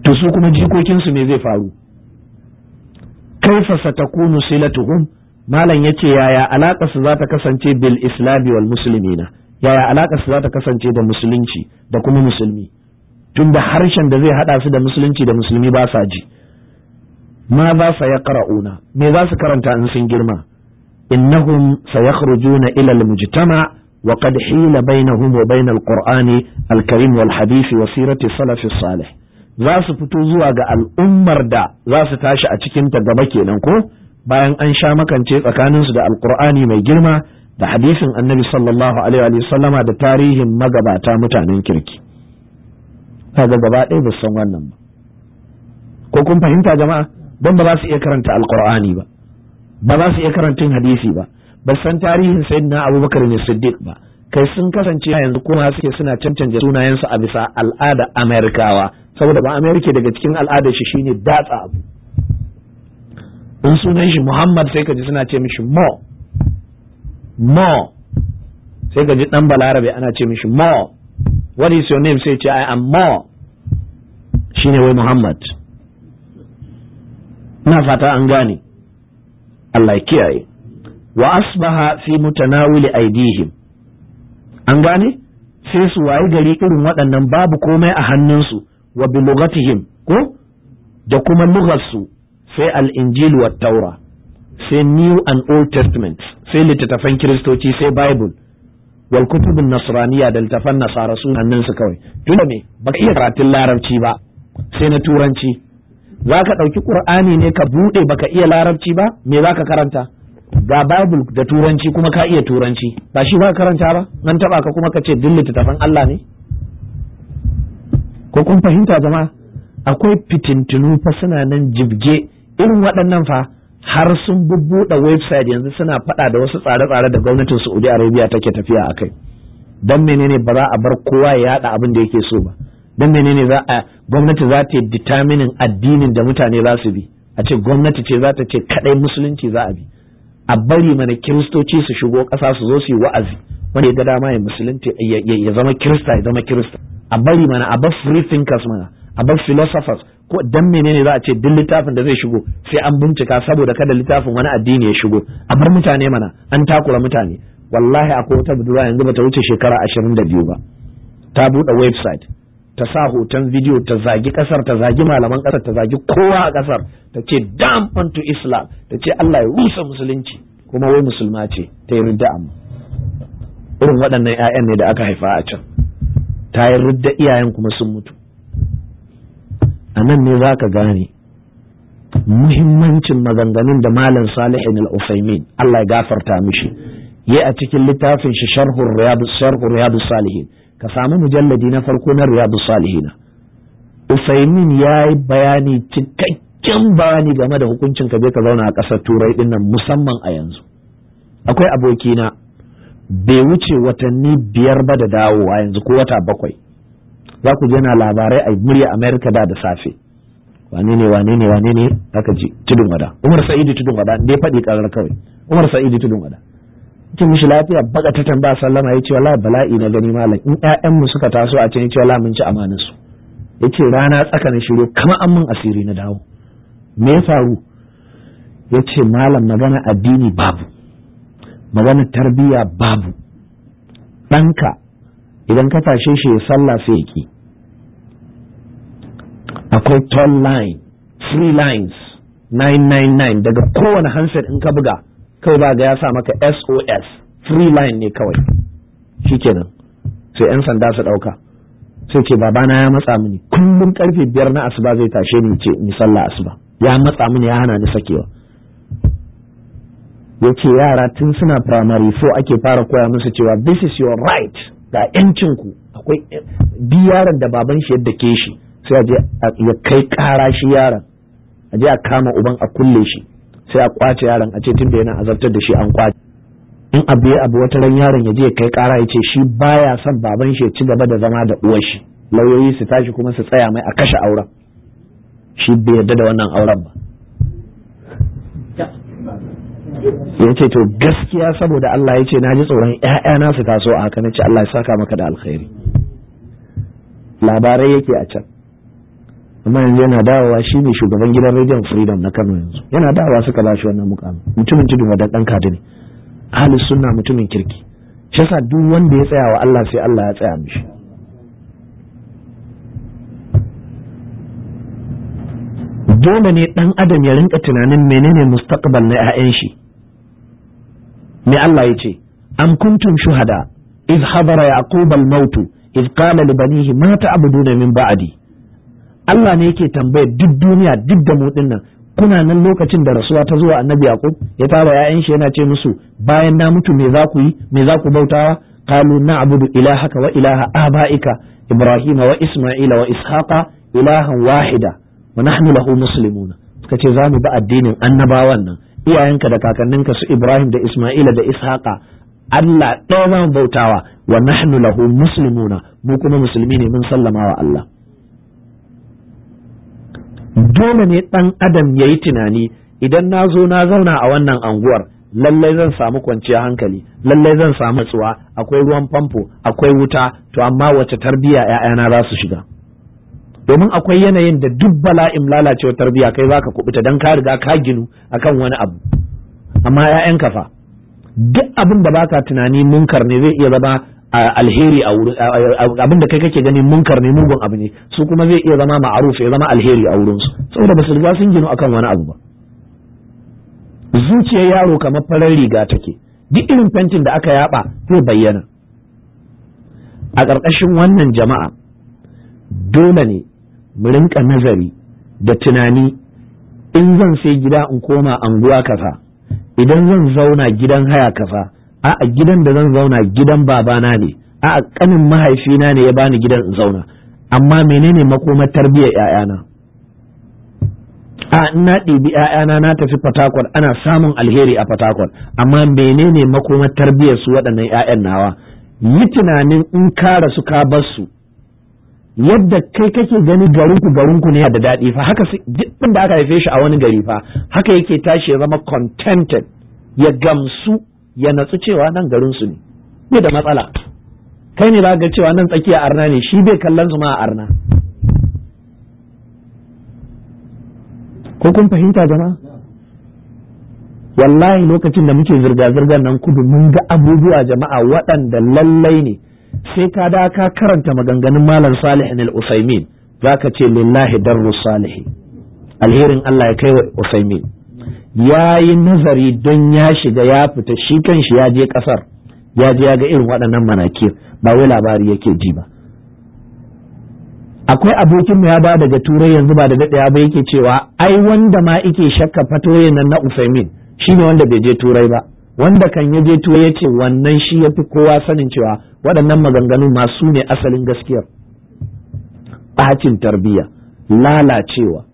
to su kuma jikokinsu me zai faru kaifa satakunu silatuhum malam yace yaya alaƙa su za ta kasance bil islami wal muslimina yaya alaƙa su za ta kasance da musulunci da kuma musulmi tunda harshen da zai hada su da musulunci da musulmi ba sa ji ma za sa ya ƙara'una? me za su karanta in sun girma innahum sayakhrujuna ila al-mujtama wa qad hila bainahum wa bain al-qur'ani wal hadith wa sirati salaf salih za su fito zuwa ga al'ummar da za su tashi a cikin ta gaba kenan ko bayan an sha makance su da alkur'ani mai girma da hadisin annabi sallallahu alaihi wa sallama da tarihin magabata mutanen kirki kaga gaba ɗaya ba san wannan ba ko kun fahimta jama'a don ba za su iya karanta alkur'ani ba ba za su iya karanta hadisi ba ba san tarihin sayyidina abubakar ne siddiq ba kai sun kasance yanzu kuma suke suna cancanta sunayensu a bisa al'ada amerikawa saboda ba amerika daga cikin al'adar shi shine datsa abu in sunan shi muhammad sai ka ji suna ce mishi mo mo sai ka ji dan balarabe ana ce mishi mo what is your name sai ce I am more shine wai Muhammad na fata an gane Allah ya kiyaye wa asbaha fi mutanawili aidihim an gane sai su wayi gari irin waɗannan babu komai a hannunsu wa bi lugatihim ko da kuma lugarsu sai al-injil wa taura sai new and old testament sai littattafan kiristoci sai bible wal kutubun nasraniya da littafan nasara nan su kawai tunda ne ba iya karatun larabci ba sai na turanci za ka ɗauki ƙur'ani ne ka buɗe baka iya larabci ba me za ka karanta ga babu da turanci kuma ka iya turanci ba shi ba karanta ba nan taɓa ka kuma ka ce duk littattafan Allah ne ko kun fahimta jama'a akwai fitintunu fa suna nan jibge irin waɗannan fa har sun bubbuɗe website yanzu suna faɗa da wasu tsare-tsare da gwamnatin Saudi Arabia take tafiya a kai dan menene ba za a bar kowa ya yada abin da yake so ba dan menene za a gwamnati za ta determining addinin da mutane za su bi a ce gwamnati ce za ta ce kadai musulunci za a bi a bari mana kiristoci su shigo kasa su zo su yi wa'azi wanda ya ga dama ya musulunci ya zama kirista ya zama kirista a bari mana a bar free thinkers mana a bar philosophers ko dan menene za a ce duk littafin da zai shigo sai an bincika saboda kada littafin wani addini ya shigo a bar mutane mana an takura mutane wallahi akwai wata budurwa yanzu bata wuce shekara ashirin da biyu ba ta buɗe website ta sa hoton bidiyo ta zagi kasar ta zagi malaman kasar ta zagi kowa a kasar ta ce dam unto islam ta ce Allah ya rusa musulunci kuma wai musulma ce ta yi ridda amma irin waɗannan 'ya'yan ne da aka haifa a can ta yi ridda iyayen kuma sun mutu a nan ne za ka gane muhimmancin maganganun da malam salihin al-usaimin Allah ya gafarta mishi yi a cikin littafin shi sharhur riyadu salihin ka samu mujalladi na farko na riyadu salihina usaimin ya yi bayani cikakken bayani game da hukuncin ka je ka zauna a ƙasar turai din musamman a yanzu akwai abokina bai wuce watanni biyar ba da dawowa yanzu ko wata bakwai za ku yana labarai a murya amerika da da safe wane ne wane ne wane ne aka ji tudun wada umar Sa'idu tudun wada ne faɗi karar kawai umar Sa'idu tudun wada cikin mishi lafiya baka ta tambaya sallama ya ce wala bala'i na gani malam in ƴaƴan mu suka taso a can ya ce wala mun ci amanin su yace rana tsaka na shiru kamar an mun asiri na dawo me ya faru yace malam magana addini babu magana tarbiyya babu ɗanka idan ka tashe shi ya sallah sai ya ki akwai toll line free lines 999 daga kowane handset in ka buga kawai ba ga ya sa maka SOS free line ne kawai shikenan sai yan sanda su dauka sai ce babana ya matsa mini kullum karfe biyar na asuba zai tashe ni ce ni sallah asuba ya matsa mini ya hana ni sakewa ya ce yara tun suna primary so ake fara koya musu cewa this is your right ga yancinku akwai biyaran eh, da baban shi yadda ke shi sai a je ya kai ƙara shi yaron a je a kama uban a kulle shi sai a kwace yaron a ce tun da yana azabtar da shi an kwace in abu ya abu wata ran yaron ya je ya kai kara ya ce shi baya son baban shi ya ci gaba da zama da uwar shi lauyoyi su tashi kuma su tsaya mai a kashe auren shi bai yarda da wannan auren ba ya ce to gaskiya saboda Allah ya ce na ji tsoron ‘ya'yana su taso a haka na ce Allah ya saka maka da alkhairi labarai yake a can amma yanzu yana dawowa shi ne shugaban gidan rediyon freedom na kano yanzu yana dawowa suka ba shi wannan mukamin mutumin tudun wadda dan kadi ne sunna mutumin kirki shi yasa duk wanda ya tsaya wa Allah sai Allah ya tsaya mishi dole ne dan adam ya rinka tunanin menene mustaqbal na 'ya'yan shi me Allah ya ce am kuntum shuhada إذ حضر iz الموت إذ banihi لبنيه ما تعبدون من ba'adi. Allah ne yake tambayar duk duniya duk da mu nan kuna nan lokacin da rasuwa ta zuwa annabi yaqub ya tara ya'yan shi yana ce musu bayan na mutu me za ku yi me za ku bautawa qalu na'budu ilahaka wa ilaha abaika ibrahima wa isma'ila wa ishaqa ilahan wahida wa nahnu lahu muslimuna suka ce za mu bi addinin annabawan nan iyayenka da kakanninka su ibrahim da isma'ila da ishaqa Allah ɗaya bautawa wa nahnu lahu muslimuna mu kuma musulmi ne mun sallama wa Allah dole ne ɗan adam ya yi tunani idan na zo na zauna a wannan anguwar lallai zan samu kwanciyar hankali lallai zan samu tsuwa akwai ruwan famfo akwai wuta to amma wace tarbiya ‘ya'yana za su shiga domin akwai yanayin da duk bala'in lalacewa tarbiya kai za ka kubuta don ka riga ka ginu a kan wani abu amma ‘ya'yan kafa duk abin da ba ka tunani munkar ne zai iya zama alheri a wurin abin da kai kake gani munkar ne mugun abu ne su kuma zai iya zama ma'aruf ya zama alheri a wurin su saboda ba su riga sun gino akan wani abu ba zuciyar yaro kamar farar riga take duk irin fentin da aka yaba zai bayyana a ƙarƙashin wannan jama'a dole ne mu rinka nazari da tunani in zan sai gida in koma anguwa kasa idan zan zauna gidan haya kasa a'a gidan da zan zauna gidan babana ne a'a kanin mahaifina ne ya bani gidan in zauna amma menene makomar tarbiyyar ƴaƴana a na ɗibi ‘ya'yana na tafi fatakwal ana samun alheri a fatakwal amma menene makomar tarbiyyar su waɗannan ‘ya'yan nawa yi tunanin in ka rasu ka bar su yadda kai kake gani garinku garinku ne da daɗi fa haka duk da aka haife shi a wani gari fa haka yake tashi ya zama contented ya gamsu ya natsu cewa nan garin su ne bai da matsala kai ne ga cewa nan tsakiya arna ne shi bai kallon su ma a arna ko kun fahimta jama'a wallahi lokacin da muke zirga-zirgar nan kudu mun ga abubuwa jama'a waɗanda lallai ne sai ka da ka karanta maganganun malam salih al usaimin zaka ce lillahi darru salihi alherin Allah ya kai wa usaimin ya yi nazari don ya shiga ya fita shi kan shi ya je ƙasar ya je ya ga irin waɗannan manakir ba wai labari yake ji ba akwai abokin mu ya ba daga turai yanzu ba da daɗaya ba yake cewa ai wanda ma ike shakka fatoyin nan na ufemin shine wanda bai je turai ba wanda kan ya je turai ya ce wannan shi ya fi kowa sanin cewa waɗannan maganganu masu ne asalin gaskiyar ɓacin tarbiyya lalacewa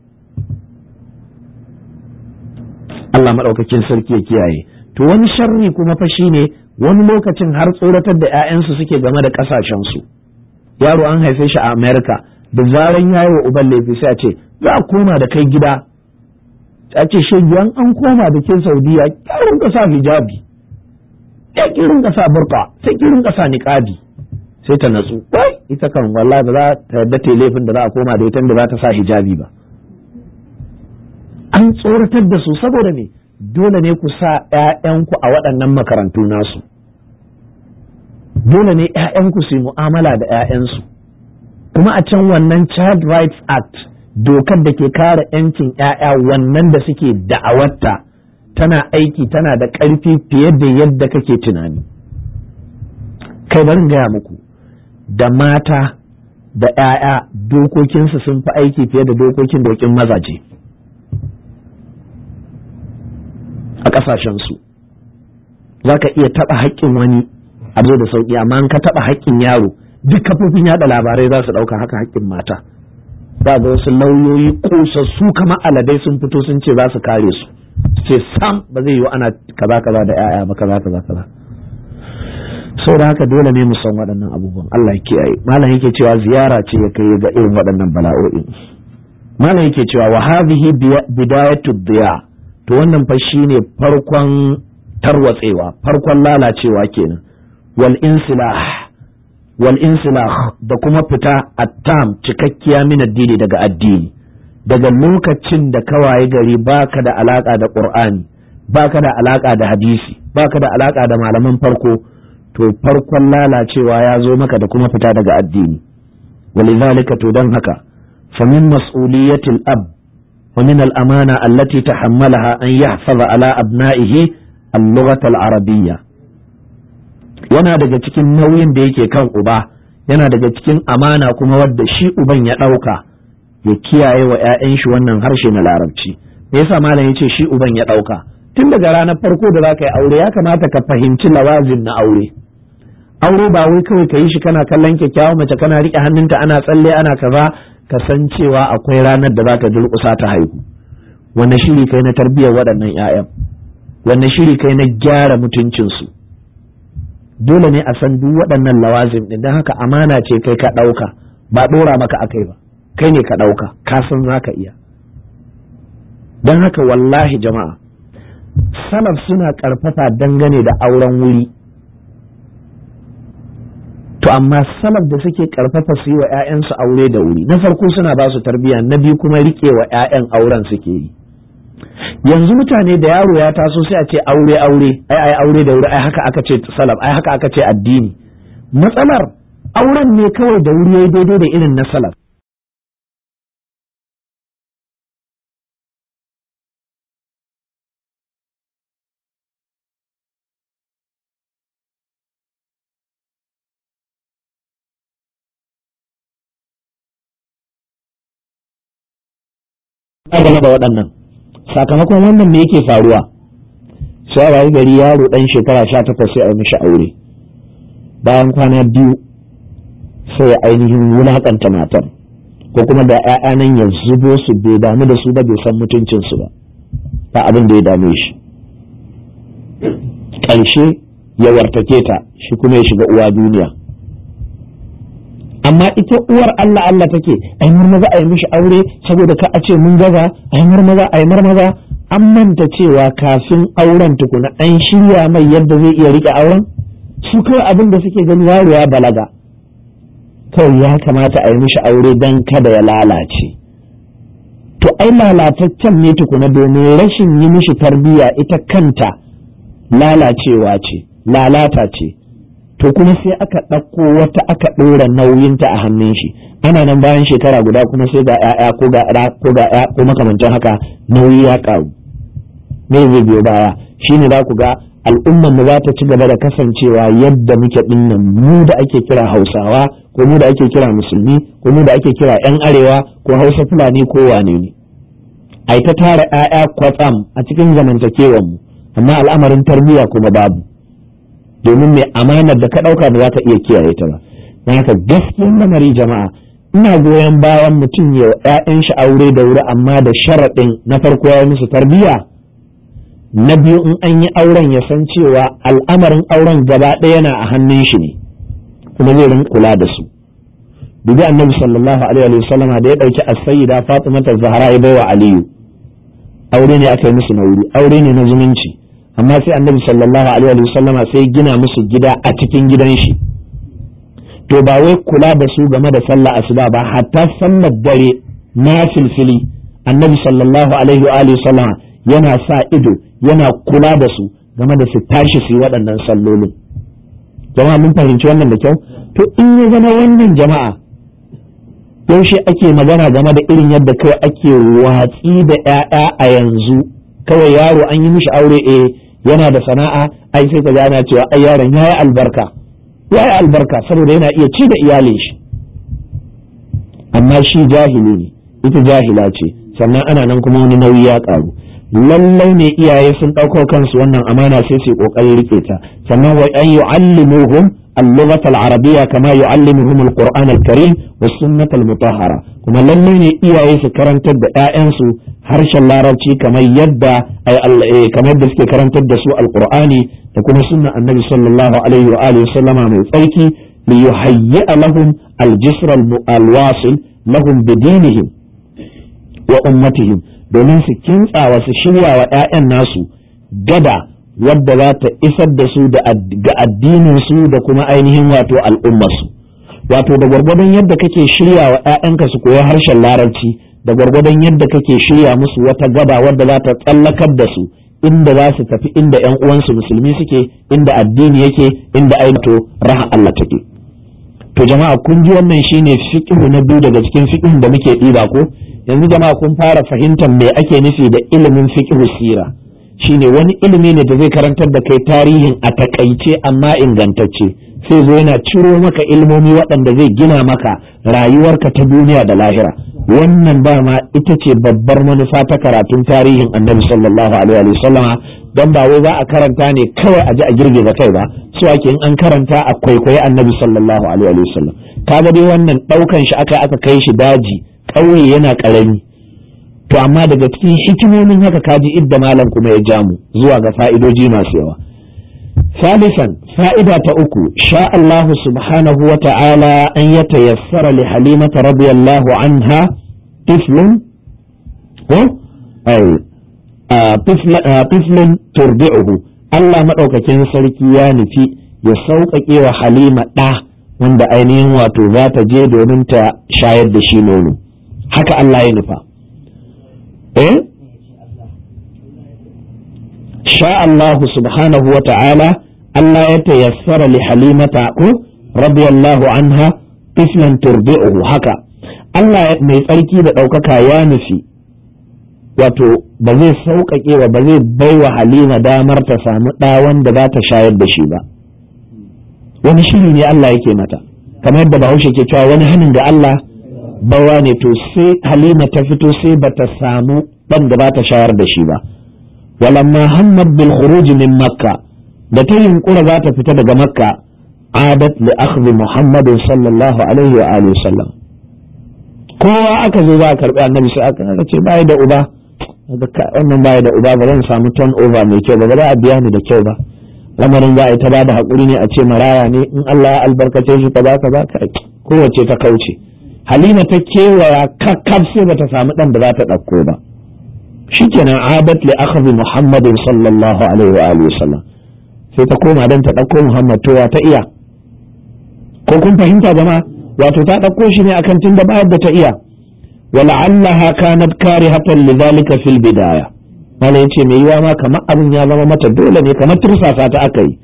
Allah maɗaukakin sarki ya kiyaye to wani sharri kuma fa shi ne wani lokacin har tsoratar da 'ya'yansu suke game da ƙasashensu yaro an haife shi a Amerika da zaran yayi wa uban laifi sai a ce za a koma da kai gida a ce giyan an koma da ke Saudiya ya rinka sa hijabi ya ƙirin rinka sa burka sai ki rinka sa niqabi sai ta natsu wai ita kan wallahi ba za ta yarda ta laifin da za a koma da ita da za ta sa hijabi ba an tsoratar da su saboda me dole ne ku sa ‘ya'yanku a waɗannan makarantu nasu dole ne ‘ya'yanku su yi mu'amala da ‘ya'yansu kuma a can wannan child rights act dokar da ke kare ‘yancin ‘ya'ya wannan da suke da'awarta tana aiki tana da ƙarfi fiye da yadda kake tunani kai barin gaya muku da mata da ‘ya'ya dokokinsu sun fi aiki fiye da dokokin dokin mazaje. a ƙasashensu za ka iya taɓa haƙƙin wani abu da sauƙi amma in ka taɓa haƙƙin yaro duk kafofin yaɗa labarai za su ɗauka haka haƙƙin mata ba ga wasu lauyoyi su kamar aladai sun fito sun ce za su kare su ce sam ba zai yiwu ana kaza kaza da 'ya'ya ba kaza kaza kaza sau da haka dole ne mu san waɗannan abubuwan Allah yake yi malam yake cewa ziyara ce ya kai ga irin waɗannan bala'o'in malam yake cewa wa hadhihi bidayatu dhiya to wannan fa shine farkon tarwatsewa farkon lalacewa kenan wal insilah wal insilah da kuma fita attam cikakkiya min addini daga addini daga lokacin da kawaye gari baka da alaka da qur'ani baka da alaka da hadisi baka da alaka da malaman farko to farkon lalacewa ya zo maka da kuma fita daga addini walidhalika to dan haka fa min mas'uliyatil ab ومن الأمانة التي تحملها أن يحفظ على أبنائه اللغة العربية yana daga cikin nauyin da yake kan uba yana daga cikin amana kuma wadda shi uban ya ɗauka ya kiyaye wa 'ya'yan shi wannan harshe na larabci me yasa malam ya ce shi uban ya ɗauka tun daga ranar farko da za yi aure ya kamata ka fahimci lawazin na aure aure ba wai kawai ka yi shi kana kallon kyakkyawa mace kana riƙe hannunta ana tsalle ana kaza ka san cewa akwai ranar da za ta durƙusa ta haihu wanne shiri kai na tarbiyyar waɗannan 'ya'yan wanne shiri kai na gyara mutuncinsu dole ne a san duk waɗannan lawazim ɗin don haka amana ce kai ka ɗauka ba ɗora maka a kai ba kai ne ka ɗauka ka san za ka iya don haka wallahi jama'a salaf suna ƙarfafa dangane da auren wuri to amma salaf da suke karfafa su yi wa 'ya'yansu aure da wuri na farko suna ba su tarbiyya na biyu kuma rike wa 'ya'yan auren suke yi yanzu mutane da yaro ya taso sai a ce aure aure ai ai aure da wuri ai haka aka ce salaf ai haka aka ce addini matsalar auren ne kawai da wuri yayi daidai da irin na salaf game da waɗannan sakamakon wannan me yake faruwa sai gari yaro ɗan shekara sha takwas sai a yi mishi aure bayan kwana biyu sai ya ainihin wulaƙanta matar ko kuma da ‘ya'ya nan ya zubo su bai damu da su ba bai san mutuncinsu ba ba abin da ya dame shi ƙarshe ya wartake ta shi kuma ya shiga uwa duniya amma ita uwar Allah Allah take ai maza ai mishi aure saboda ka a ce mun gaza ai maza ai maza an manta cewa kafin auren tukuna an shirya mai yadda zai iya rike auren su kawai abin da suke gani yaro ya balaga kawai ya kamata a yi mishi aure don kada ya lalace to ai lalataccen ne tukuna domin rashin yi mishi tarbiyya ita kanta lalacewa ce lalata ce to kuma sai aka ɗauko wata aka ɗora nauyinta a hannun shi ana nan bayan shekara guda kuma sai ga ƴaƴa ko ga ra ko ga ƴa ko makamantan haka nauyi ya ƙaru me zai biyo baya shine za ku ga al'ummar mu za ta ci gaba da kasancewa yadda muke dinnan mu da ake kira hausawa ko mu da ake kira musulmi ko mu da ake kira yan arewa ko hausa fulani ko wane ne ai ta tara 'ya'ya kwatsam a cikin zamantakewar mu amma al'amarin tarbiyya kuma babu domin mai amanar da ka ɗauka ba za ka iya kiyaye ta ba na haka gaskiyar lamari jama'a ina goyon bayan mutum ya ‘ya'yan shi aure da wuri amma da sharaɗin na farko ya musu tarbiyya na biyu in an yi auren ya san cewa al'amarin auren gaba ɗaya yana a hannun shi ne kuma zai rin kula da su dubi annabi sallallahu alaihi wa sallama da ya ɗauki as-sayyida fatimata zahra ya baiwa aliyu aure ne aka yi musu na wuri aure ne na zumunci amma sai annabi sallallahu alaihi wa sallama sai gina musu gida a cikin gidan shi to ba wai kula da su game da sallah asuba ba hatta sallar dare na silsili annabi sallallahu alaihi wa sallama yana sa ido yana kula da su game da su tashi su yi waɗannan sallolin jama'a mun fahimci wannan da kyau to in ya zama wannan jama'a yaushe ake magana game da irin yadda kawai ake watsi da 'ya'ya a yanzu kawai yaro an yi mishi aure eh yana da sana'a ai sai kaga ana cewa ai yaron yayi albarka yayi albarka saboda yana iya ci da iyalin shi amma shi jahili ne ita jahila ce sannan ana nan kuma wani nauyi ya karu lallai ne iyaye sun ɗauko kansu wannan amana sai su yi ƙoƙarin riƙe ta sannan wa an yu'allimuhum اللغة العربية كما يعلمهم القرآن الكريم والسنة المطهرة كما لن إياه سكرن تد آئنسو هرش الله ربشي كما يدى كما يدى سكرن تد سوء القرآن تكون سنة النبي صلى الله عليه وآله وسلم من فيكي ليهيئ لهم الجسر الواصل لهم بدينهم وأمتهم domin su kintsawa su shirya wa 'ya'yan nasu gada wadda za ta isar da su ga addinin su da kuma ainihin wato al'ummar wato da gwargwadon yadda kake shirya wa 'ya'yanka su koyi harshen larabci da gwargwadon yadda kake shirya musu wata gaba wadda za ta tsallakar da su inda za su tafi inda 'yan uwansu musulmi suke inda addini yake inda to raha Allah take to jama'a kun ji wannan shine fiqhu na biyu daga cikin fiqhun da muke ɗiba ko yanzu jama'a kun fara fahimtar me ake nufi da ilimin fiqhu sira shine wani ilimi ne da zai karantar da kai tarihin a takaice amma ingantacce sai zo yana ciro maka ilmomi waɗanda zai gina maka rayuwarka ta duniya da lahira wannan dama ita ce babbar manufa ta karatun tarihin annabi sallallahu alaihi wasallama don ba wai za a karanta ne kawai a ji a girgiza kai ba su ake in an karanta a kwaikwayi annabi sallallahu alaihi wasallam ga dai wannan ɗaukan shi aka aka kai shi daji ƙauye yana ƙarami to amma daga cikin hikimomin haka kaji idda malam kuma ya jamu zuwa ga fa'idoji masu yawa salisan fa'ida ta uku sha Allah subhanahu wa ta'ala an ya tayassara li halimata radiyallahu anha tiflun ko tiflun turdi'uhu Allah maɗaukacin sarki ya nufi ya sauƙaƙe wa halima ɗa wanda ainihin wato za ta je domin ta shayar da shi nono haka Allah ya nufa Eh? sha Allah subhanahu wa ta'ala Allah ya tayassara li halimata ko radiyallahu anha tiflan turdi'uhu haka Allah mai tsarki da ɗaukaka ya nufi wato ba zai sauƙaƙe ba zai baiwa halima damar ta samu ɗa wanda za ta shayar da shi ba wani shiri ne Allah yake mata kamar yadda bahaushe ke cewa wani hanin da Allah bawa ne to sai halima ta fito sai bata samu ban da ta shayar da shi ba walamma hammad bil khuruj min makka da ta yunkura za ta fita daga makka adat li akhdhi muhammadin sallallahu alaihi wa alihi sallam kowa aka zo ba karbi annabi sai aka ce bai da uba wannan bai da uba ba zan samu turn over mai kyau ba ba za a biya ni da kyau ba lamarin za a yi ta bada hakuri ne a ce maraya ne in Allah ya albarkace shi kaza ba ka kowace ta kauce halima ta kewaya kakkaf sai bata samu ɗan da za ta ɗauko ba shikenan abat li akhdhi muhammadin sallallahu alaihi wa alihi wasallam sai ta koma dan ta ɗauko muhammad wa ta iya ko kun fahimta jama'a wato ta ɗauko shi ne akan da bayar da ta iya wala'allaha kanat karihatan lidhalika fil bidaya mana yace mai yiwa ma kamar abin ya zama mata dole ne kamar tursasa ta aka yi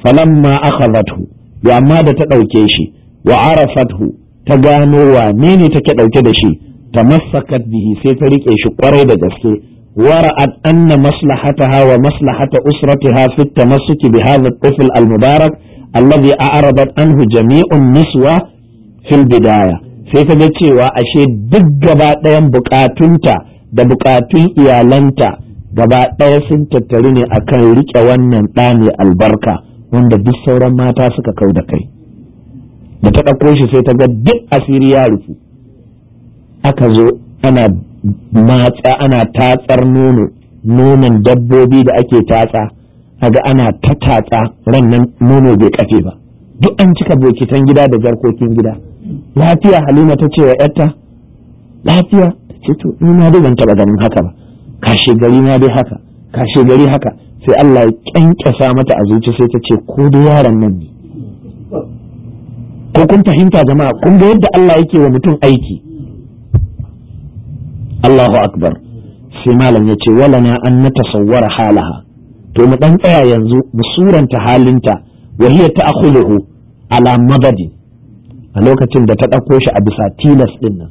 falamma akhadhathu ya amma da ta ɗauke shi wa arafathu ta gano wane ne take ɗauke da shi ta masakat bihi sai ta riƙe shi kwarai da gaske ورأت أن مصلحتها ومصلحة bi في التمسك بهذا الطفل المبارك الذي أعرضت عنه anhu jami'un في البداية sai ta ga cewa ashe duk gaba ɗayan da buƙatun iyalanta gaba ɗaya sun tattaru ne akan riƙe wannan ɗa mai albarka wanda duk sauran mata suka kau da kai da ta ɗauko shi sai ta ga duk asiri ya rufu aka zo ana matsa ana tatsar nono nonon dabbobi da ake tatsa a ga ana ta tatsa nan nono bai kafe ba duk an cika bokitan gida da jarkokin gida lafiya halima ta ce wa yarta lafiya ta ce to ni na dai ban taba ganin haka ba kashe gari na dai haka kashe gari haka sai Allah ya kyankyasa mata a zuci sai ta ce ko da yaron nan ne ko kun fahimta jama'a kun ga yadda Allah yake wa mutum aiki Allahu akbar sai malam ya ce walana an na tasawwara halaha to mu dan tsaya yanzu mu suranta halinta wa hiya ta'khuluhu ala madadi a lokacin da ta ɗauko shi a bisa tilas din nan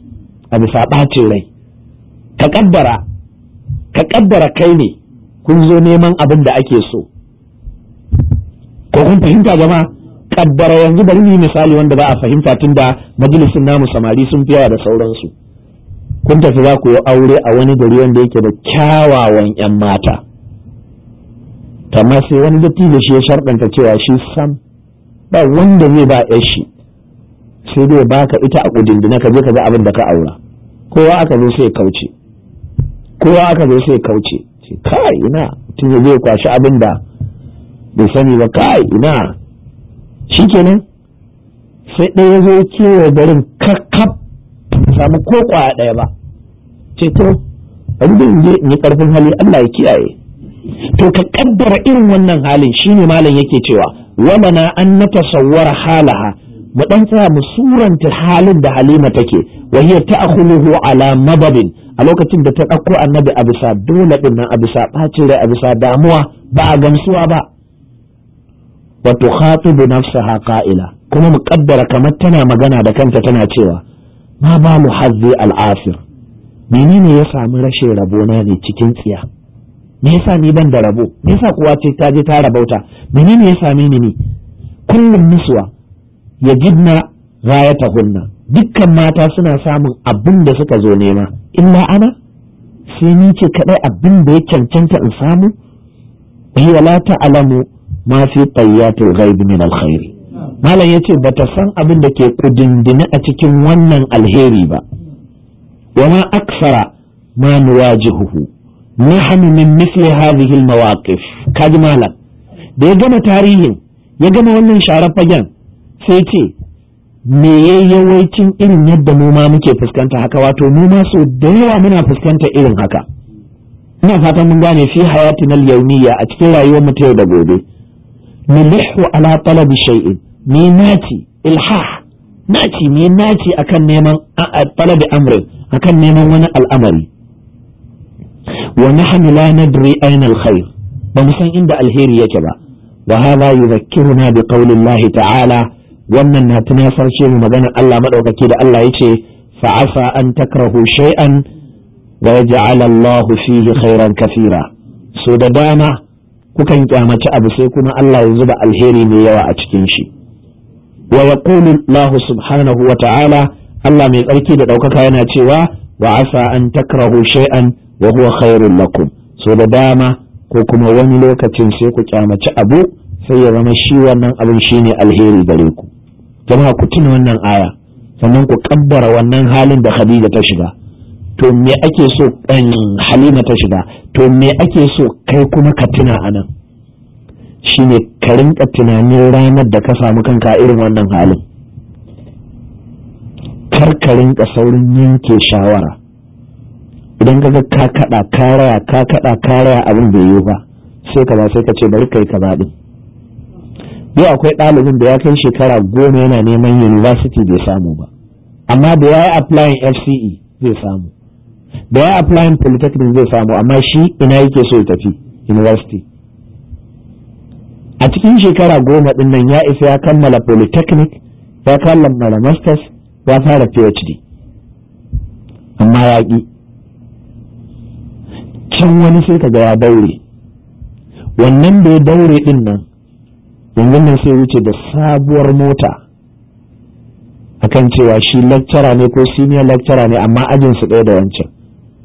a bisa ɓacin rai ka kaddara ka kaddara kai ne kun zo neman abin da ake so ko kun fahimta jama'a kaddara yanzu bari yi misali wanda ba a fahimta tun da majalisun namu samari sun fi yawa da sauransu kun tafi za ku yi aure a wani gari wanda yake da kyawawan 'yan mata Kamar sai wani dattijo shi ya sharɗanta cewa shi sam ba wanda zai ba 'yar shi sai dai baka ita a kudindina ka je ka ga abin da ka aura kowa aka zo sai kauce kowa aka zo sai kauce kai ina tun zai kwashi abin da bai sani ba kai ina kenan sai ɗaya zo kewa garin kakkaf samu ko kwaya ɗaya ba ce to in je in yi ƙarfin hali Allah ya kiyaye to ka kaddara irin wannan halin shine malam yake cewa walana an natasawwara halaha mu dan tsaya mu suranta halin da Halima take wa hiya ta'khuluhu ala madabin a lokacin da ta dauko annabi a bisa dole din nan a bisa bacin rai a bisa damuwa ba a gamsuwa ba wa tukhatibu nafsaha qa'ila kuma mu kamar tana magana da kanta tana cewa ma ba mu hazzi al'asir menene ya sami rashin rabona ne cikin tsiya me yasa ni ban da rabo me yasa kuwa ce ta je ta rabauta menene ya same ni ne kullum gidna ta hunna dukkan mata suna samun abin da suka zo nema illa ana sai ni ce kadai abin da ya cancanta in samu bi wala ta'lamu ma fi tayyatul ghaib min alkhairi malam yace bata san abin da ke kudindini a cikin wannan alheri ba wama aksara ma nuwajihuhu nahnu min mithli hadhihi almawaqif kaji malam da ya gama tarihin ya gama wannan sharar fagen sai ce me yawaicin irin yadda noma muke fuskanta haka wato noma so da yawa muna fuskanta irin haka ina fatan mun gane fi hayatin al-yawmiyya a cikin rayuwar mu ta yau da gobe nalihu ala talabi shay'in mi naci ilhah naci mi naci akan neman talabi amrin akan neman wani al'amari wa nahnu la nadri aina alkhair ba mu san inda alheri yake ba wa hadha yudhakkiruna bi qawli Allah ta'ala wannan na tunasar mu maganar Allah madaukaki da Allah yace fa'afa an takrahu shay'an wa yaj'al Allah fihi khairan kathira so da dama kukan kyamaci abu sai kuma Allah ya zuba alheri mai yawa a cikin shi wa yaqulu Allah subhanahu wa ta'ala Allah mai tsarki da ɗaukaka yana cewa wa asa an takrahu shay'an wa huwa khairun lakum so da dama ko kuma wani lokacin sai ku kyamaci abu sai ya zama shi wannan abin shine alheri gare ku jama'a ku tuna wannan aya sannan ku kabbara wannan halin da Khadija ta shiga to me ake so um, halima ta shiga to me ake so kai kuma ka tuna a nan shine ka rinka tunanin ranar da ka samu kanka irin wannan halin kar ka rinka saurin yanke shawara idan ka ga ka kada karaya ka kada karaya abin bai yi ba sai ka ba sai ka ce bari kai ka baɗi. din yau akwai ɗalibin da ya kai shekara goma yana neman university bai samu ba amma da ya yi applying FCE zai samu da ya applying polytechnic zai samu amma shi ina yake so ya tafi university a cikin shekara goma din nan ya isa ya kammala polytechnic ya kammala masters ya fara phd amma ya ki can wani sai kaga ya daure wannan da ya daure din nan yanzu nan sai wuce da sabuwar mota akan cewa shi lecturer ne ko senior lecturer ne amma ajinsu ɗaya da wancan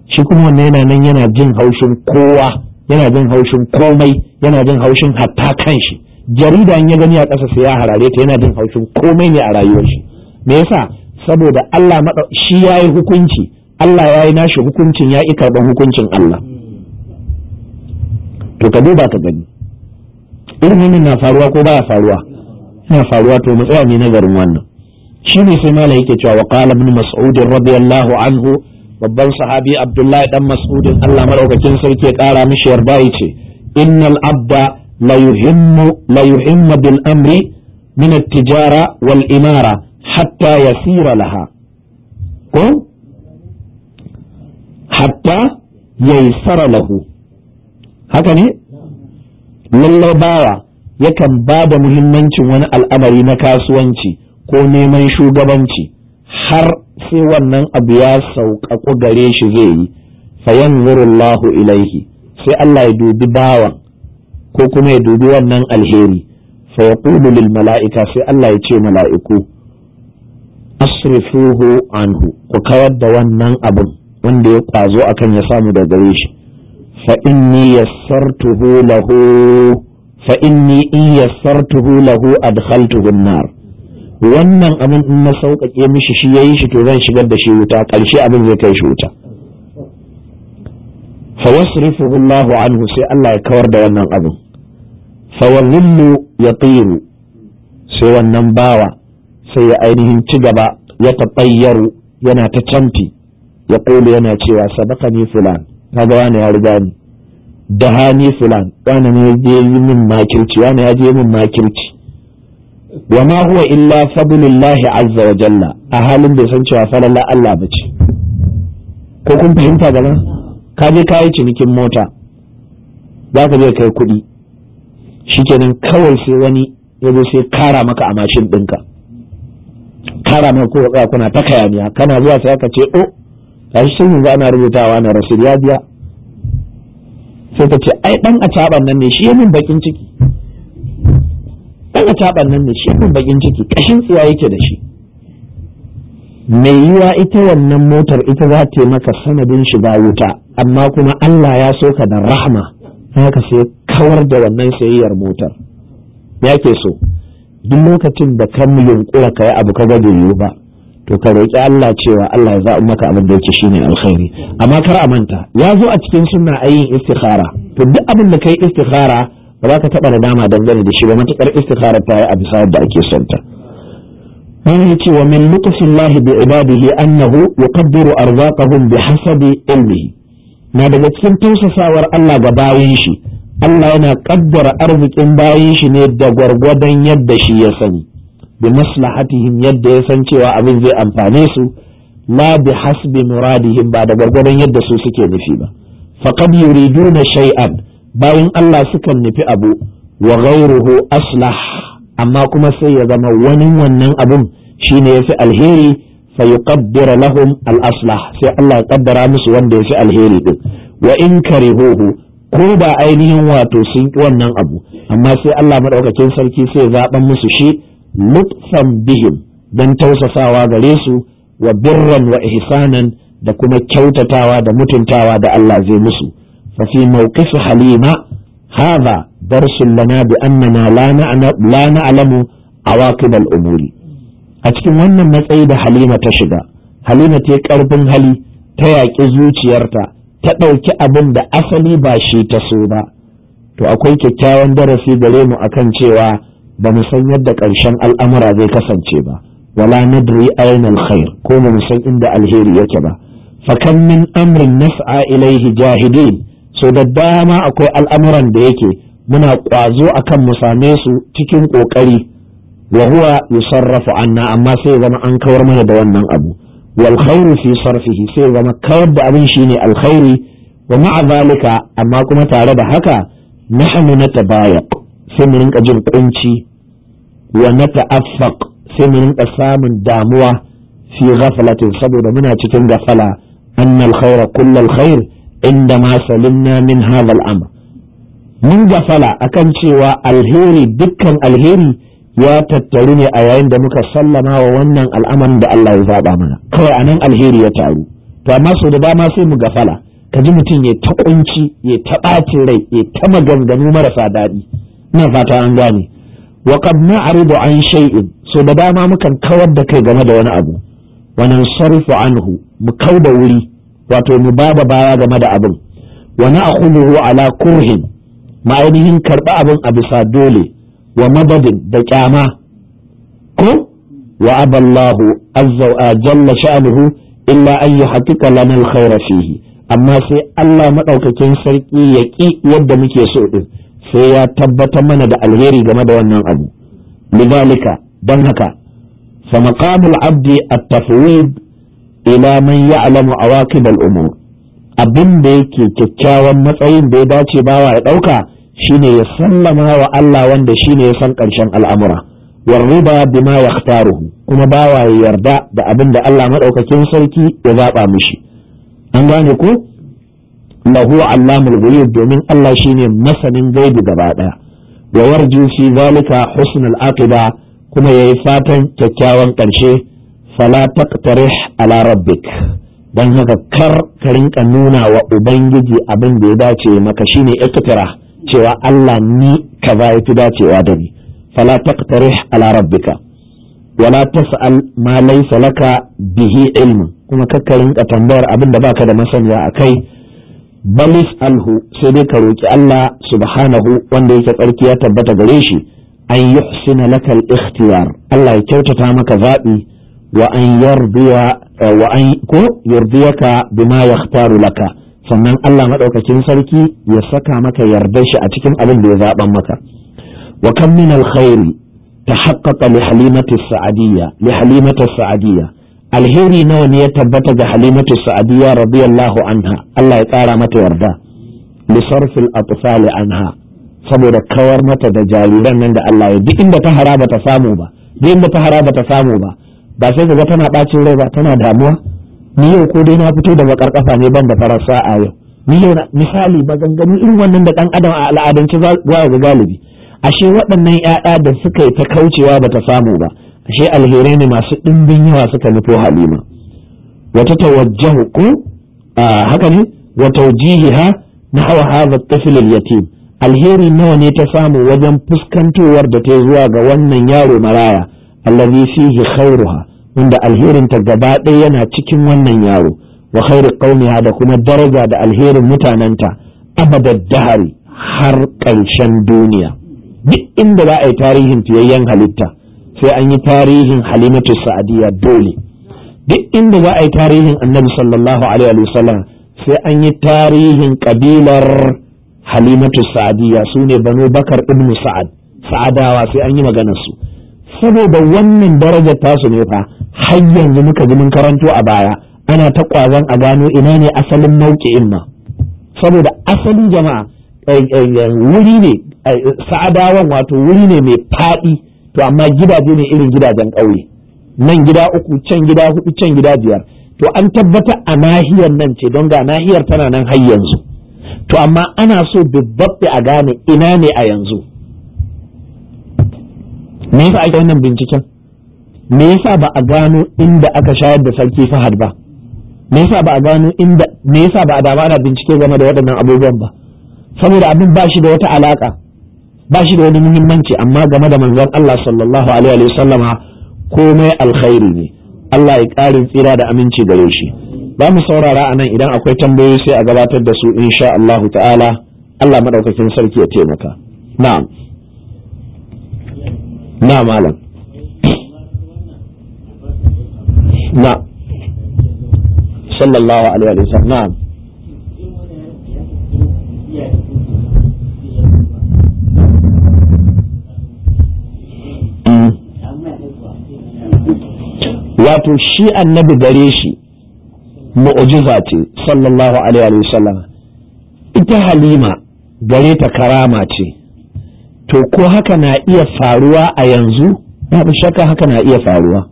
shi kuma wannan yana nan yana jin haushin kowa yana jin haushin komai yana jin haushin hatta kan shi jarida in ya gani a ƙasa sai ya harare ta yana jin haushin komai ne a rayuwar shi me yasa saboda Allah shi yayi hukunci Allah yayi nashi hukuncin ya ika karɓar hukuncin Allah to ka duba ka gani irin wannan na faruwa ko baya faruwa Ina faruwa to mu tsaya ne garin wannan ne sai malai yake cewa wa qala ibn mas'ud radiyallahu anhu babban sahabi abdullahi dan mas'udin Allah madaukakin sarki ya kara mishi yarda yace innal abda la yuhimmu la yuhimmu bil amri min at-tijara wal imara hatta yasira laha ko hatta yaysara lahu haka ne lallai bawa yakan ba da muhimmancin wani al'amari na kasuwanci ko neman shugabanci har sai wannan abu ya sauƙaƙo gare shi zai yi fayanzurullahu ilaihi sai Allah ya dubi bawan ko kuma ya dubi wannan alheri fa lil mala'ika sai Allah ya ce mala'iku asrifuhu anhu ku kawar da wannan abun wanda ya kwazo akan ya samu da gare shi fa inni yassartuhu lahu fa inni in yassartuhu lahu adkhaltuhu an-nar wannan abin in na sauƙaƙe mishi shi ya yi shi to zan shigar da shi wuta ƙarshe abin zai kai shi wuta Fa wasrifu Allahu anhu sai Allah ya kawar da wannan abin fa ya yatiru sai wannan bawa sai ya ainihin ci gaba ya tabayyaru yana ta canti ya ƙulu yana cewa sadaka ni fulan kaga wani ya riga ni da fulan wani ne ya je min makirci wani ya je min makirci wa ma huwa illa fadlullahi azza wa jalla a halin bai san cewa falala Allah bace. ko kun fahimta gana? ka je ka yi cinikin mota za ka je kai kuɗi shikenan kawai sai wani ya zo sai kara maka a mashin ɗinka kara maka ko tsaya kuna ta kayaniya kana zuwa sai ka ce o oh, shi sun yanzu ana rubutawa na rasul ya biya sai ta ce ai dan a caban nan ne shi ya min bakin ciki ko itaɓan nan ne shi kan bakin ciki ƙashin tsiya yake da shi mai yiwa ita wannan motar ita za ta maka sanadin shiga wuta amma kuma Allah ya so ka da rahama haka sai kawar da wannan sayayyar motar ya ke so duk lokacin da ka yunƙura ka yi abu ka ga yiwu ba to ka roƙi Allah cewa Allah ya za maka abin da yake shine alkhairi amma kar a manta ya zo a cikin sunna ayin istikhara to duk abin da kai istikhara ba za ka taɓa dama dangane da shi ba matuƙar istikhara ta yi a bisa yadda ake son ta mana yace wa min lutfillahi bi ibadihi annahu yuqaddiru arzaqahum bi hasabi ilmihi na daga cikin tausasawar Allah ga bayin shi Allah yana kaddara arzikin bayin shi ne da gwargwadon yadda shi ya sani bi maslahatihim yadda ya san cewa abin zai amfane su la bi hasbi muradihim ba da gwargwadon yadda su suke nufi ba faqad yuriduna shay'an bayan Allah sukan nufi abu wa ghauruhu aslah amma kuma sai ya zama wani wannan abun shine yafi alheri fa yuqaddira lahum al aslah sai Allah ya kaddara musu wanda fi alheri din wa in karihuhu ko ba ainihin wato sun ki wannan abu amma sai Allah madaukakin sarki sai ya zaben musu shi lutfan bihim dan tausasawa gare su wa birran wa ihsanan da kuma kyautatawa da mutuntawa da Allah zai musu ففي موقف حليمة هذا درس لنا بأننا لا لا نعلم عواقب الأمور أتكلم أن مسعيد حليمة تشجع حليمة تكرب هلي تياك zuciyarta ta ɗauki abin da asali ba shi ta so ba to akwai kyakkyawan darasi gare mu akan cewa ba mu san yadda ƙarshen al'amura zai kasance ba wala nadri aina alkhair ko mu san inda alheri yake ba fakan min amrin nas'a ilaihi jahidin so da dama akwai al'amuran da yake muna ƙwazo akan mu same su cikin ƙoƙari wa huwa yusarrafu anna amma sai zama an kawar mana da wannan abu wal khairu fi sarfihi sai zama kawar da abin shine alkhairi wa ma'a zalika amma kuma tare da haka nahnu natabayaq sai mu rinka jin kunci wa nata'affaq sai mu rinka samun damuwa fi ghaflatin saboda muna cikin gafala annal khaira kullal khair inda ma salimna min hadal amr mun gafala akan cewa alheri dukkan alheri ya tattaru ne a yayin da muka sallama wa wannan al'amarin da Allah ya zaba mana kawai anan alheri ya taru to amma sau da dama sai mu gafala ka ji mutum ya ta kunci ya ta ɓacin rai ya ta maganganu marasa daɗi ina fata an gane wa qad na'ridu an shay'in so da dama mukan kawar da kai game da wani abu wa nansarifu anhu mu kauda wuri wato mu ba da baya game da abin wa na'khudhu ala kurhin ma ainihin karɓi abin a bisa dole wa madadin da kyama ko wa aballahu azza wa jalla sha'nuhu illa an yuhaqqiqa lana al-khayra fihi amma sai Allah maɗaukakin sarki ya ƙi yadda muke so ɗin sai ya tabbatar mana da alheri game da wannan abu lidalika dan haka fa maqamul abdi at-tafwid ila man ya'lamu awaqib al-umur abin da yake kyakkyawan matsayin da ya dace bawa ya dauka shine ya sallama wa Allah wanda shine ya san karshen al'amura warriba bima yaktaruhu kuma bawa ya yarda da abin da Allah madaukakin sarki ya zaba mishi an gane ko lahu allamul ghuyub domin Allah shine masanin gaibi gaba daya wa yarju fi zalika husnul aqiba kuma yayi fatan kyakkyawan karshe fala taqtarih ala rabbik dan haka kar ka rinka nuna wa ubangiji abin da ya dace maka shine iktira cewa Allah ni kaza yafi dacewa da ni fala taqtarih ala rabbika wala tas'al ma laysa laka bihi ilm kuma kar ka rinka tambayar abin da baka da masaniya akai balis alhu sai dai ka roki Allah subhanahu wanda yake tsarki ya tabbata gare shi an yuhsina laka al-ikhtiyar Allah ya kyautata maka zabi wa an yardiya wa an ko yardiyaka bima laka sannan Allah madaukakin sarki ya saka maka yardar shi a cikin abin da ya zaɓan maka wa kam min alkhairi tahaqqaqa li halimati sa'adiyya li halimati sa'adiyya alheri nawa ne ya tabbata ga halimatu sa'adiyya radiyallahu anha Allah ya kara mata yarda li sarfil atfali anha saboda kawar mata da jariran nan da Allah ya duk inda ta haraba ta samu ba duk inda ta haraba ta samu ba ba sai ka ga tana bacin rai ba tana damuwa ni yau ko dai na fito da bakar kafa ne ban da farar sa'a yau ni yau misali maganganu irin wannan da dan adam a al'adance za ga galibi ashe waɗannan ƴaƴa da suka yi ta kaucewa bata samu ba ashe alherai ne masu ɗimbin yawa suka nufo halima wata tawajjahu ko haka ne wa tawjihiha na hadha at-tifl al-yatim alheri nawa ne ta samu wajen fuskantowar da ta zuwa ga wannan yaro maraya allazi fihi khairuha wanda alherinta gaba ɗaya yana cikin wannan yaro wa khairu qaumiha da kuma daraja da alherin mutananta abadad dahari har ƙarshen duniya duk inda za a yi tarihin fiyayyen halitta sai an yi tarihin halimatu sa'adiyya dole duk inda za a yi tarihin annabi sallallahu alaihi sai an yi tarihin kabilar halimatu sa'adiyya su ne banu bakar ibnu sa'ad sa'adawa sai an yi maganar su saboda wannan darajar tasu ne fa har yanzu muka ji mun karanto a baya ana ta kwazon a gano ina ne asalin mauki'in ma saboda asalin jama'a eh, eh, eh, wuri ne sa'adawan wato wuri ne mai faɗi to amma gidaje ne irin gidajen ƙauye nan gida uku can gida hudu can gida biyar to an tabbata a nahiyar nan ce don ga nahiyar tana nan har yanzu to amma ana so dubbabbe a gane ina ne a yanzu me yasa ake wannan binciken me yasa ba a gano inda aka shayar da sarki fahad ba me yasa ba a gano inda me yasa ba a dama ana bincike game da waɗannan abubuwan ba saboda abin ba shi da wata alaka ba shi da wani muhimmanci amma game da manzon Allah sallallahu alaihi wa komai alkhairi ne Allah ya ƙarin tsira da aminci gare shi ba mu saurara a nan idan akwai tambayoyi sai a gabatar da su insha Allah ta'ala Allah madaukakin sarki ya taimaka na'am na malam na sallallahu alaihi wa sallam mm. wato shi annabi gare shi mu'jiza ce sallallahu alaihi wa sallam ita halima gare ta karama ce to ko haka na iya faruwa a yanzu babu shakka haka na iya faruwa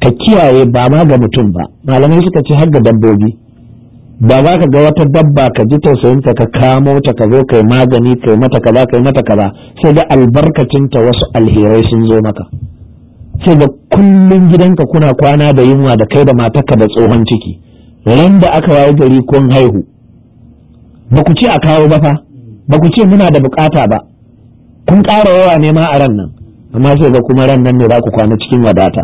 ka kiyaye ba ma ga mutum ba malamai suka ce har ga dabbobi ba za ka ga wata dabba ka ji tausayinta ka kamo ta ka zo kai magani kai mata kaza kai mata kaza sai ga albarkacinta wasu alherai sun zo maka sai ga kullum gidanka kuna kwana da yunwa da kai da matarka da tsohon ciki ran da aka waye gari kun haihu ba ku ce a kawo ba fa ba ku ce muna da bukata ba kun ƙara yawa ne ma a ran nan amma sai ga kuma ran nan ne za ku kwana cikin wadata